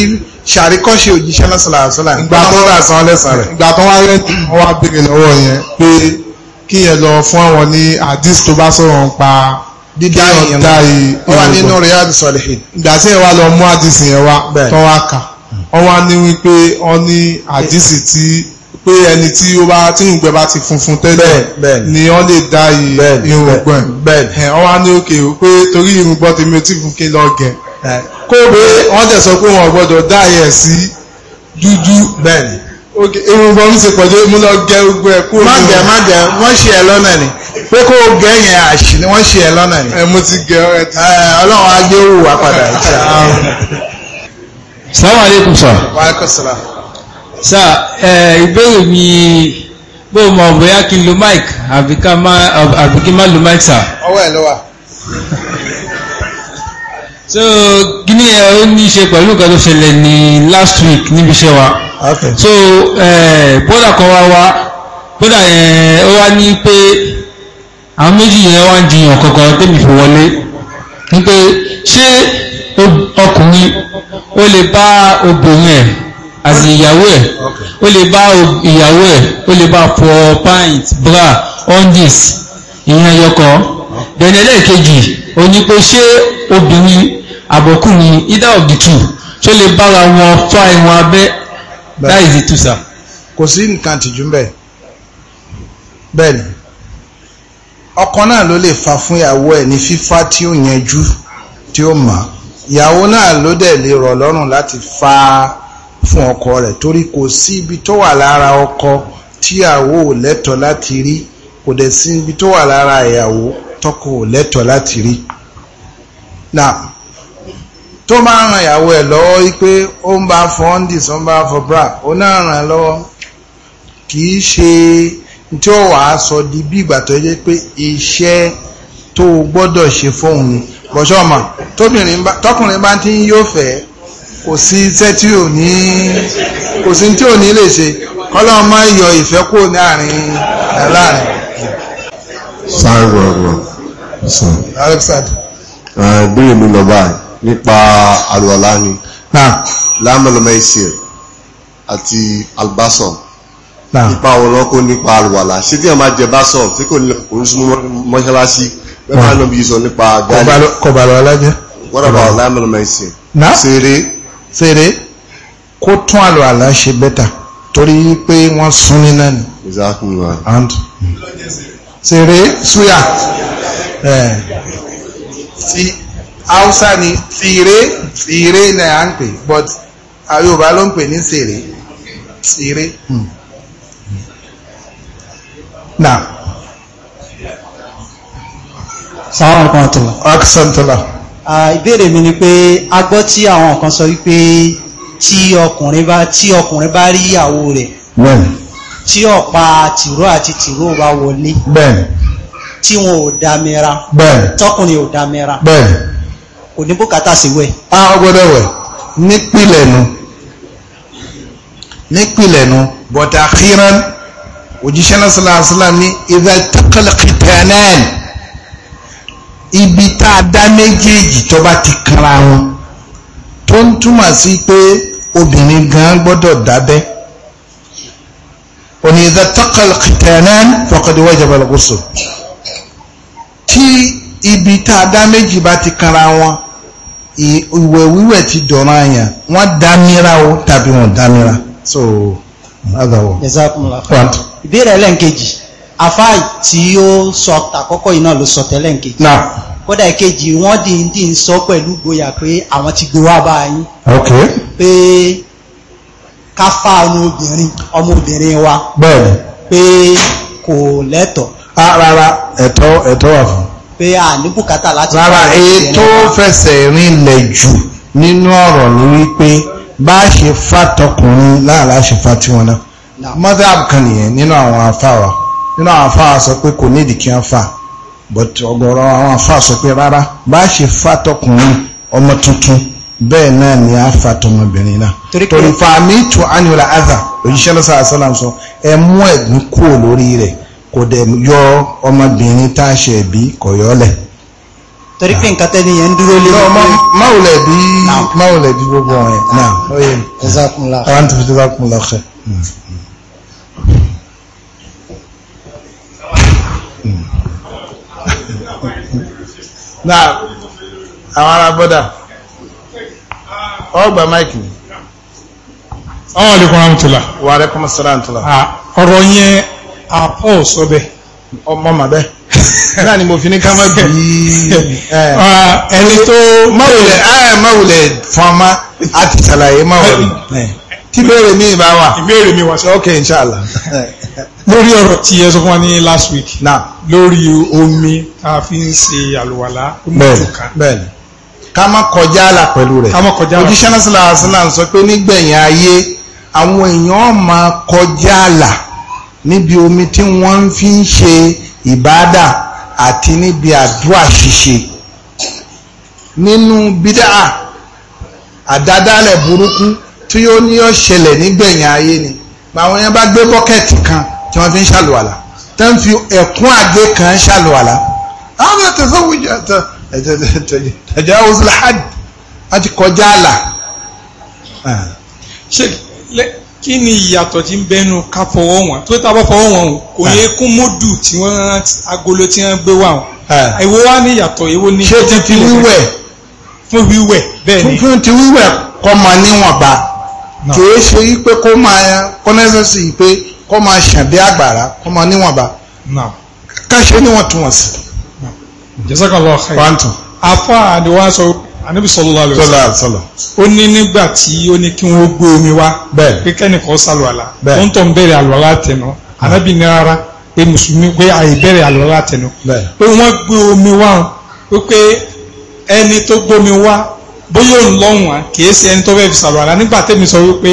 ṣàríkọ́ṣe òjíṣẹ́ lọ́sàlàsàlà. ìgbà tó rà san lẹ́sàn rẹ̀. ìgbà tó wá rẹ̀ wọ́n wá béèrè lọ́wọ́ yẹn pé kí yẹn lọ fún àwọn ní àdís tó bá sọ̀rọ̀ ń pa dídá ìyẹn wọ́n wà nínú Riyadus Salihin. ìgbà tí yẹn wá lọ mú àdís yẹn wá tó wá wọ́n wá ní wípé wọ́n ní àdísì tí pé ẹni tí ó bá tí ìgbẹ́ bá ti funfun tẹ́lẹ̀ ni wọ́n lè dá irùngbọ̀n wọ́n wá ní òkè pé torí irùngbọ̀n tèmi ò tí fún kí lọ gẹ̀ kó pé wọ́n dẹ̀ sọ pé wọn ò gbọ́dọ̀ dá ẹ̀ sí dúdú irùngbọ̀n mi ṣe pọ̀jù mú lọ gẹ gbogbo ẹ̀ kúrò. má gẹ má gẹ wọ́n ṣe ẹ lọ́nà ni pé kó o gẹ yẹn àṣì ni wọ́n ṣe ẹ lọ́nà ni. ẹ mo ti gẹ ọ ẹ ti. ọlọ́run á gbé òwú padà. Assalamu alaikum sir. Wa alaikum salaam. Sir, eh, ìbéèrè mi bó mọ̀ bóyá kí n lo mic àbí kí n má lo mic sir. Ọwọ́ ẹ̀ ló wà. So, kíní ẹ̀ ó ní ṣe pẹ̀lú nǹkan tó ṣẹlẹ̀ ní last week níbi iṣẹ́ wa. Okay. So, eh, bọ́dà kan wá wá, bọ́dà yẹn ó wá ní pé àwọn méjì yẹn wá ń jiyàn kankan tẹ́mi wọlé. Ní ṣé ọkùnrin ó lè bá obìnrin ẹ̀ àti ìyàwó ẹ̀ ó lè bá ìyàwó ẹ̀ ó lè bá fọ pint bra ondis, ìyẹn yọkọ̀ dẹ̀nẹ̀lẹ̀ kejì ó ní pé ṣé obìnrin àbọ̀kùnrin either of the two ṣó lè bára wọn fá ìwọn abẹ́ láì di tùsà. kò sí nǹkan tìjú mbẹ bẹ́ẹ̀ ni ọkọ náà ló lè fa fún ìyàwó ẹ̀ ní fífá tí ó yanjú tí ó mọ̀ ọ́ ìyàwó náà ló dẹ̀ lè rọ̀ lọ́rùn láti fa fún ọkọ rẹ̀ torí kò sí ibi tó wà lára ọkọ tíyàwó ò lẹ́tọ̀ọ́ láti rí kò dẹ̀ sí ibi tó wà lára ìyàwó tọkọ ò lẹ́tọ̀ọ́ láti rí. Now tó máa ràn ìyàwó ẹ̀ lọ́wọ́ wípé ó ń bá fọ ọ́ndìs ó ń bá fọ bra ó náà ràn án lọ́wọ́ kì í ṣe tí ó wàá sọ di bí ìgbà tó yẹ pé iṣẹ́ tó gbọ́dọ̀ ṣe fóun ni bọ̀ṣọ́ ọmọ tọkùnrin bá ti ń yóò fẹ́ kò sí iṣẹ́ tí ò ní kò sí tí ò ní lè ṣe kọ́lọ́ ọmọ yọ ìfẹ́ kó láàrin láàrin. sáàrọ̀ ọ̀rọ̀ sàn. alexad. ìbéèrè mi lọ báyìí nípa àlùwàlá ni lámọ̀lọ́mọ ìṣẹ̀ àti albasọ̀ nípa àwọn ọlọ́kọ́ nípa àlùwàlá ṣé tí wọ́n máa jẹ básọ̀ tí kò ní mọ́ṣáláṣí bẹ́ẹ̀ bá lóbi sọ nípa gáàlì kọbalọ alájẹ. what about lamel mercy. na fèrè. fèrè kó tún àlọ́ àlá ṣe bẹ́tà torí pé wọ́n sún ní náà ni. exactly right. and fèrè suya ti hausa ni fèrè fèrè na à ń pè but yorùbá ló ń pè ní fèrè fèrè. Hmm. Hmm. now sàwọn kan tó. aksantola. ìbéèrè mi ni pé a gbọ́ tí àwọn kan sọ wípé tí ọkùnrin bá tí ọkùnrin bá rí ìyàwó rẹ̀. bẹ́ẹ̀. tí ọ̀pá tìró àti tìró bá wọlé. bẹ́ẹ̀. tí wọn ò dá mẹ́ra. bẹ́ẹ̀. tọkùnrin ò dá mẹ́ra. bẹ́ẹ̀. kò ní bùkátà sí wẹ̀. a gbọ́dọ̀ wẹ̀ nípìlẹ̀ nu bọ̀dà kíran òjíṣẹ́ náà sọ̀rọ̀ àṣìlá ní ìdá tẹ́kẹ̀lẹ̀ kìtẹ́nẹ́ẹ̀lì ibi tá a dá méjèèjì tó bá ti kanra wọn tó ń túmọ̀ sí pé obìnrin gan gbọ́dọ̀ dábẹ́ òní ìdátọ́kọ̀lù kìtẹ̀ẹ́nán fọkàndé wájàbá lọ́gọ́sọ̀ tí ibi tá a dá méjì bá ti kanra wọn ìwẹ̀ wíwẹ̀ ti dọ̀rọ̀ àyàn wọ́n dámíra o tàbí wọ́n dámíra so other one. ìbéèrè ẹlẹ́nkejì afáì tí ó sọ àkọ́kọ́ iná ló sọ tẹ́lẹ̀ nkejì kódà ìkejì wọ́n dì ń dì ń sọ pẹ̀lú gboyà pé àwọn ti gbowó abá yín pé ká fá ọmọbìnrin ọmọbìnrin wa pé kò lẹ́tọ̀. Ah, rárá ẹ̀tọ́ ẹ̀tọ́ wà fún. pé a ní bùkátà láti. rárá ètò fẹsẹ̀ rinlẹ̀ jù nínú ọ̀rọ̀ ni wípé bá a ṣe fà tọkùnrin láàlá ṣe fà tiwọn náà mọ́tàbù kan nìyẹn nínú àwọn afáwà nínú àwọn afá sọ pé kò ní ìdíkí afá but ọ̀gọ̀rọ̀ àwọn afá sọ pé rárá bá ṣe fá ọmọ tuntun bẹ́ẹ̀ náà ni a fà tọmọbìnrin náà torí fàmí tó anula adha òjíṣẹ́ lọ́sà àṣàlám sọ ẹ mú ẹ̀gbìn kúrò lórí rẹ̀ kò dẹ̀ yọ ọmọbìnrin tá a ṣe ẹ̀bí kò yọ ọ́ lẹ̀ torí pé nǹkan tẹ́ni yẹn ń dúró lé lórí. máwùlẹ̀ bí máwùlẹ̀ bí gbogbo ọ̀rẹ́ náà ó yẹ. ẹ̀sàkùnlá. àwọn tó fi tó bá kùn lọ́kẹ́. Na. Awara ará ọgbà máìkì ni. ọ̀hún àlekún wà á rẹ́kún yẹn ọmọ náà ni mo fi ní ká má ah, ẹni tó Mawule. ẹ̀ máwùlẹ̀ fọ́nmá ah, àti ṣàlàyé máwùlẹ̀ tí eh, eh. mi bá wà. ìbéèrè mi wà ok inshallah. lórí ọ̀rọ̀ tí ẹ sọ fún wa ní last week Na, lórí omi tá fi ń ṣe àlùwàlá mẹ́ẹ̀ká bẹ́ẹ̀ni ká má kọjá àlà pẹ̀lú rẹ̀ òjíṣẹ́ náà sílá sílá ń sọ pé nígbẹ̀yìn ayé àwọn èèyàn máa kọjá àlà níbi omi tí wọ́n fi ń ṣe ìbádà àti níbi àdúrà ṣíṣe nínú bídáà àdádálẹ̀ burúkú tí ó ní ó nígbẹ̀yìn ayé ni àwọn èèyàn bá gbé bọ́kẹ̀tì kan tí wọ́n fi ń ṣàlùwàlà tó ń fi ẹ̀kún àgé kan ṣàlùwàlà àwọn ọ̀tẹ̀ sọ́wọ́ ẹ̀jẹ̀ ọ̀sùlá àti kọjá àlà. Ah. ṣé kí ni ìyàtọ̀ tí ń bẹnu ká fọwọ́ wọn tó tá a bá fọwọ́ wọn o kò yẹ ah. kún módù tí wọ́n agolo tí wọ́n gbé wà o ah. èwo wá ní ìyàtọ̀ èwo ní. ṣé ti ti wíwẹ̀. fún wíwẹ̀ bẹ́ẹ̀ ni. fún ti wíwẹ̀ kọ́ máa níwọ̀nba kì í ṣe pé kó máa kọ́nẹ́sẹ̀sì pé kó máa ṣàn bí àgbàrá kó máa níwọ̀nba ká ṣe níwọ̀ntúnwọ̀nsì. jazakallah khairan afa àdìwá sọ anabi sallallahu alaihi wasallam ó ní nígbà tí ó ní kí wọ́n gbé omi wá pé kẹ́nìkan sàlùwàlà ó ń tọ́ ń bẹ̀rẹ̀ àlùwàlà tẹ̀nà anabi ní rárá pé mùsùlùmí pé àìbẹ̀rẹ̀ àlùwàlà tẹ̀nà pé wọ́n gbé omi wá pé ẹni tó gbómi wá bóyá òun lọ́wọ́n kìí ṣe ẹni tó fẹ́ fi sàlùwàlà nígbà tẹ́mi sọ wípé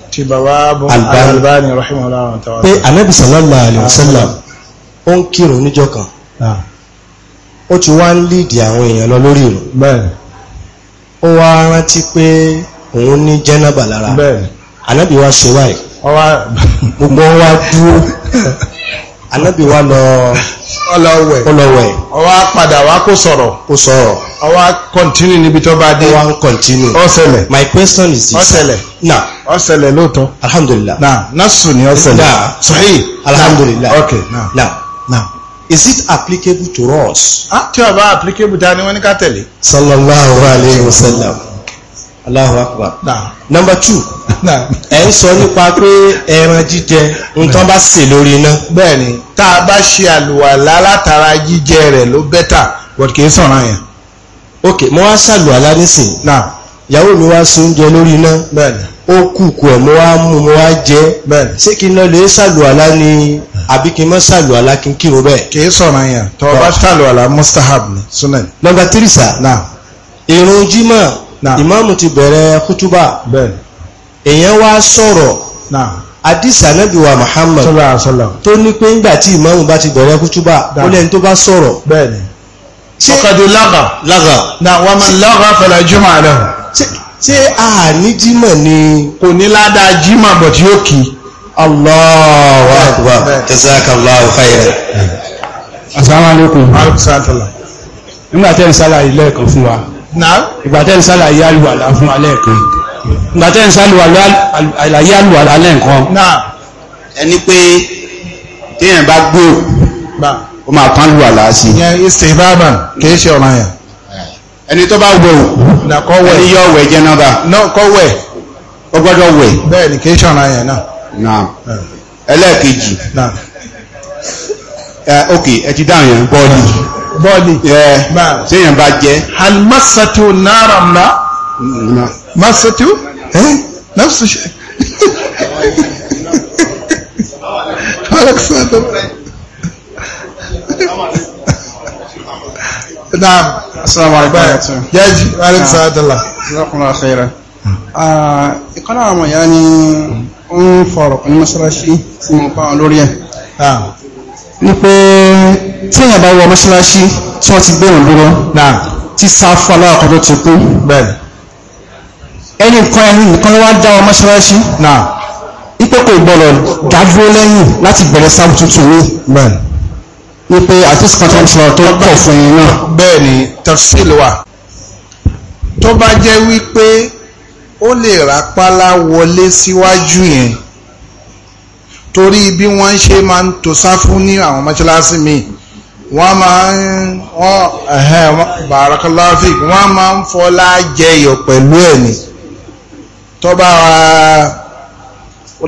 ti bàbá Albani rahimahullah pé anabi sallallahu alayhi wa sallam ó ń kírun níjọ́ kan ah. ó ti wá ń líìdì àwọn èèyàn lọ lórí ìrun ó wá rántí pé òun ní jẹ́nàbà lára anabi wa ṣe wáyé gbogbo wa dúró anabi wa lọ ọlọ́wẹ̀ ọwá padà wá kó sọ̀rọ̀ kó sọ̀rọ̀ ọwá kọ̀ntínú níbi tó bá dé ọwá ń kọ̀ntínú my question is this ọ̀sẹ̀lẹ̀ now ọ̀sẹ̀lẹ̀ lóòótọ́. alhamdulilah. na nasu ni ọ̀sẹ̀lẹ̀. na sahih. alhamdulilah. ok na. na na is it applicable to us. ah tí o bá applicable ta ni wọ́n ní ká tẹ̀lé. sallallahu alayhi wa sallam. Allahu akbar. Nah. Number two. Ẹ ń sọ nípa pé ẹran jíjẹ nǹkan bá sè lórí iná. Bẹ́ẹ̀ni, tá a bá ṣe àlùwàlá látara jíjẹ rẹ̀ ló bẹ́tà, but kì í sọ̀rọ̀ yẹn. Ok, mo wá ṣàlùwàlá nísìnyí. Ìyàwó mi wá sun oúnjẹ lórí iná. Bẹ́ẹ̀ni ó kùkù ẹ̀ mo wá mú mo wá jẹ́ ṣé kí n lọ lè ṣàlùwàlá ni àbí kí n mọ́ ṣàlùwàlá kí n kírun bẹ́ẹ̀. kì í sọ̀rọ̀ yẹn tó o bá ṣàlùwàlá mustahab ni sunan. nọmba tírì sà ìrun jímọ̀ ti bẹ̀rẹ̀ kútúbà èèyàn wá sọ̀rọ̀ àdìsí ànábì wa Muhammad tó ní pé ńgbà tí ìmáàmù bá ti bẹ̀rẹ̀ kútúbà ó lẹ́ni tó bá sọ̀rọ̀ ṣé ọkàdé lága lága na wàmà laga fẹlẹ̀ jùmọ̀ àlẹ́ ṣé àní jímọ̀ ni kò ní ládàá jímọ̀ bọ̀ tí ó kì í. Allahu akbar jazakallahu khairan. asalaamualeykum. nígbà tẹ́ ń sálàyé lẹ́ẹ̀kan fún wa. ìgbà tẹ́ ń sálàyé àlùwàlà fún wa lẹ́ẹ̀kan. ìgbà tẹ́ ń sálàyé àlùwàlà lẹ́ẹ̀kan. ẹni pé téèyàn bá gbòò ó máa pán lùwàlà sí i. ìyẹn ìsèbáàbà kì ṣe ọ̀ràn yẹn ẹni tó bá wẹ̀ òkú ẹni yọ wẹ̀ jẹ́nàbà kọ́ wẹ̀ ó gbọ́dọ̀ wẹ̀ bẹ́ẹ̀ ni kìí ṣọ̀nà yẹn náà naam ẹlẹ́ẹ̀kejì naam ok ẹ ti dáhùn yẹn bọ́ọ̀lì bọ́ọ̀lì ṣé yẹn bá jẹ́. almasatu naramla masatu ẹ nafsu ṣe. نعم، السلام عليكم. jaaji waaleykum salaam dala. jazakumullahu khairan. Hmm. Ah, ìkọ́nà àwọn يعني، ni ó ń fọ̀rọ̀ ní mọ́ṣáláṣí tí mo bá wọn lórí ẹ̀. ni pé tí èèyàn bá wọ mọ́ṣáláṣí tí wọ́n ti gbé òun dúró tí sáfù aláwọ̀kọ́ tó ti kú. ẹni nǹkan ẹni nǹkan wá dá ọ mọ́ṣáláṣí. ipe kò gbọ́dọ̀ dádúró lẹ́yìn láti bẹ̀rẹ̀ sáfù tuntun ní wípé àtúnṣe kan tó ń sọ tó pọ̀ fún yín náà. bẹ́ẹ̀ ni tafsil wà tó bá jẹ́ wípé ó lè rápálá wọlé síwájú yẹn torí bí wọ́n ṣe máa ń tò sáfún ní àwọn mọ́ṣáláṣí mi wọ́n máa ń wọ́n barakallahu wọ́n máa ń fọlá jẹyọ̀ pẹ̀lú ẹ̀ ni tó bá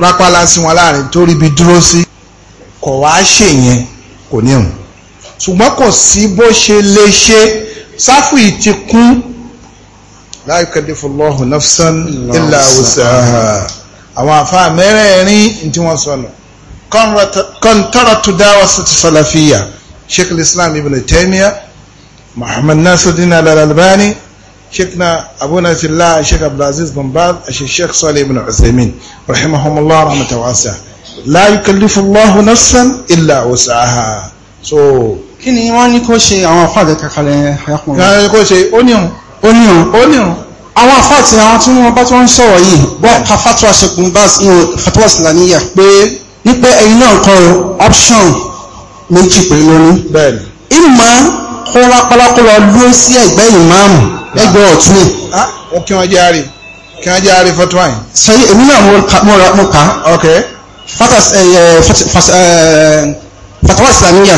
rápálá sí wọn láàrin torí bí dúró sí kò wá ṣèyẹn kò ní ìrun ṣùgbọ́n kò sí bó ṣe lè ṣe sáfù yìí ti kún la yukallifu Allahu nafsan illa wus'aha àwọn àfáà mẹ́rẹ̀ẹ̀rin tí wọ́n sọnù kọ́ntọ́rọ̀tù dáwà sọ́tù sọ́láfíyà sheikh islam ibn taymiya muhammad nasiruddin al-albani sheikh na abu nasirullah sheikh abdulaziz bin baz sheikh salih ibn usaimin rahimahumullah rahmatan la yukallifu Allahu nafsan illa usaha so. kí ni wọ́n ní kó ṣe àwọn àfáàdé kàkàlẹ̀ ayákùnrin. kí ni kó ṣe ó ní òun. ó ní òun. ó ní òun. àwọn àfáàtì option méjì pẹ̀lú ní. bẹ́ẹ̀ni. ìmọ̀ kó rápálápọ̀lọ́ dúró sí ẹ̀gbẹ́ ìmáàmù ẹgbẹ́ ọ̀tún yìí. Ah, ó kí wọ́n jẹ́ àárẹ̀ kí wọ́n jẹ́ àárẹ̀ fatwa yìí. ok. Uh, fatawa uh, islamiyya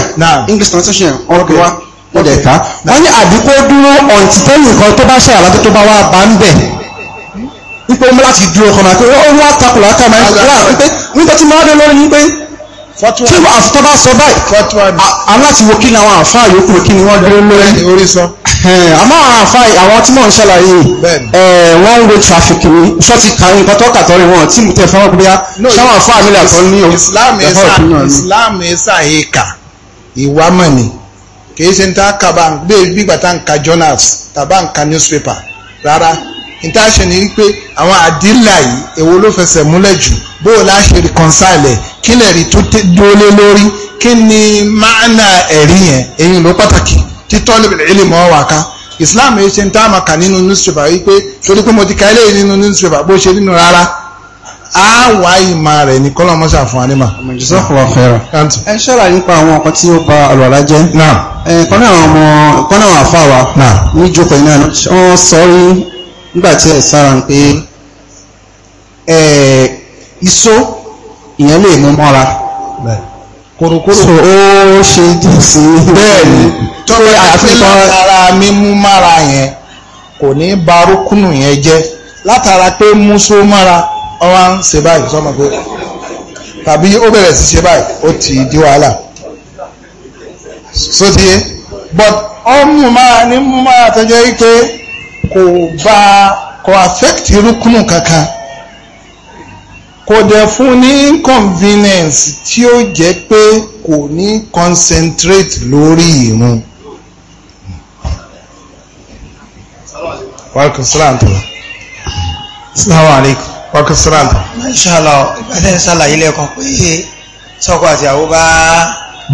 english translation ọ̀rọ̀ kan wá wọ́n dẹ̀ ká wọ́n ní àdínkù dúró ọ̀ǹtí tẹ́lẹ̀ kan tó bá ṣe àlàtó tó bá wá bá ń bẹ̀ wípé mú láti dúró kan àti ó wá takùlà ká máa ń gbà wípé nígbà tí máa dé lórí ní pé tí àfitọ́ bá sọ báyìí aláti wo kí ni àwọn àfáà yòókù kí ni wọ́n dúró lórí Eh, àmọ́ àwọn àfa àwọn tí mò ń ṣàlàyé eh, wọ́n ń lo traffic ni ṣọ́ọ̀tì kan nǹkan tó kàtọ́ rí wọn tí mo tẹ̀ fọwọ́ bóyá ṣáwọn àfa mi làtọ́ ní o Islam ẹ̀sà ẹ̀ka Iwamani. mọ̀ ni kìí ṣe ń ta kaba gbígbà tá ń ka journals tàbá ń ka newspaper rárá ìtaṣe ni wípé àwọn àdílà yìí èwo ló fẹsẹ̀ múlẹ̀ jù bó o láṣẹ reconcile kí lẹ̀rí tó dúró lé lórí kí ni máàna ẹ̀rí yẹn èyí ló pàtàkì títọ́ lè bẹ̀rẹ̀ ilé mọ́ wà ká islam yìí ṣe ń táàmà kà nínú newspaper wípé torí pé mo ti ka eléyìí nínú newspaper bó ṣe nínú rárá á wá ìmọ̀ rẹ̀ ní kọ́lọ́mọ́sà fún anima. ẹ ṣọ́ra nípa àwọn ọkọ̀ tí ó ba àlùwàlá jẹ́ kọ́nà àwọn ọmọ kọ́nà àwọn àfa wa níjókòó iná wọ́n sọ rí nígbà tí ẹ̀ sára ń pé iṣó ìyẹn lè mú mọ́ra korokoro. so ó ṣe jù sí. bẹ́ẹ̀ni tọ́lá àti látara mímú mára yẹn kò ní ba rúkúnù yẹn jẹ́ látara pé múso mára ọwọ́ ń ṣe báyìí sọ́mọ pé tàbí ó bẹ̀rẹ̀ sí ṣe báyìí ó ti di wàhálà sódìé but ọmú máa ní mú máa tọ́jọ́ yìí pé kò bá kò affect rúkúnù kankan kò dẹ̀ fún ní inconvenience tí ó jẹ́ pé kò ní concentrate lórí ìrun. wàlúkù sílàǹtò. sàlámù alaykum. wàlúkù sílàǹtò. inṣàlá ìgbàsẹ̀ ìṣàlàyé lẹ́ẹ̀kan pé sọ́kọ àti àwọ̀ bá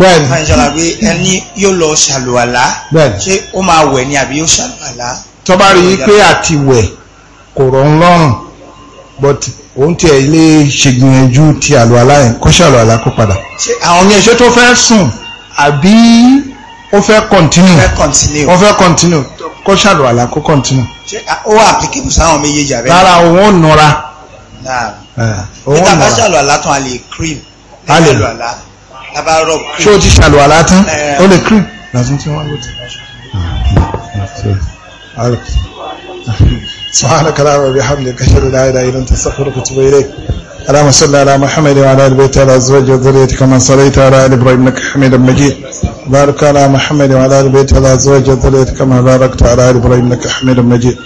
bẹ́ẹ̀ni inṣàlá pé ẹni yóò lọ ṣàlùwàlá ṣé ó máa wẹ̀ ni àbí yóò ṣàlùwàlá. tó bá rí i pé àti kò rọ̀ ń lọ́rùn but òun tí ẹ ilé ṣègbìyànjú ti àlọ́ aláyìn kó ṣàlọ́ àlá kó padà. ṣé àwọn yẹn ṣé tó fẹ́ sùn àbí ó fẹ́ continue ó fẹ́ continue kó ṣàlọ́ àlá kó continue. ṣé ó wà applicable sáwọn méjèèjì àbẹ́rẹ́. rárá òun ò nọra. nígbà bá ṣàlọ́ àlá tán a lè cream lẹ́yìn àlọ́ àlá lábá rọ̀ cream. ṣé o ti ṣàlọ́ àlá tán ó lè cream lásán tí wọ́n lò ah, tì. سبحانك اللهم وبحمدك اشهد ان لا اله الا انت استغفرك واتوب اليك اللهم صل على محمد وعلى ال بيت الازواج وذريته كما صليت على ال ابراهيم انك حميد مجيد بارك على محمد وعلى ال بيت الازواج وذريته كما باركت على ال ابراهيم انك حميد مجيد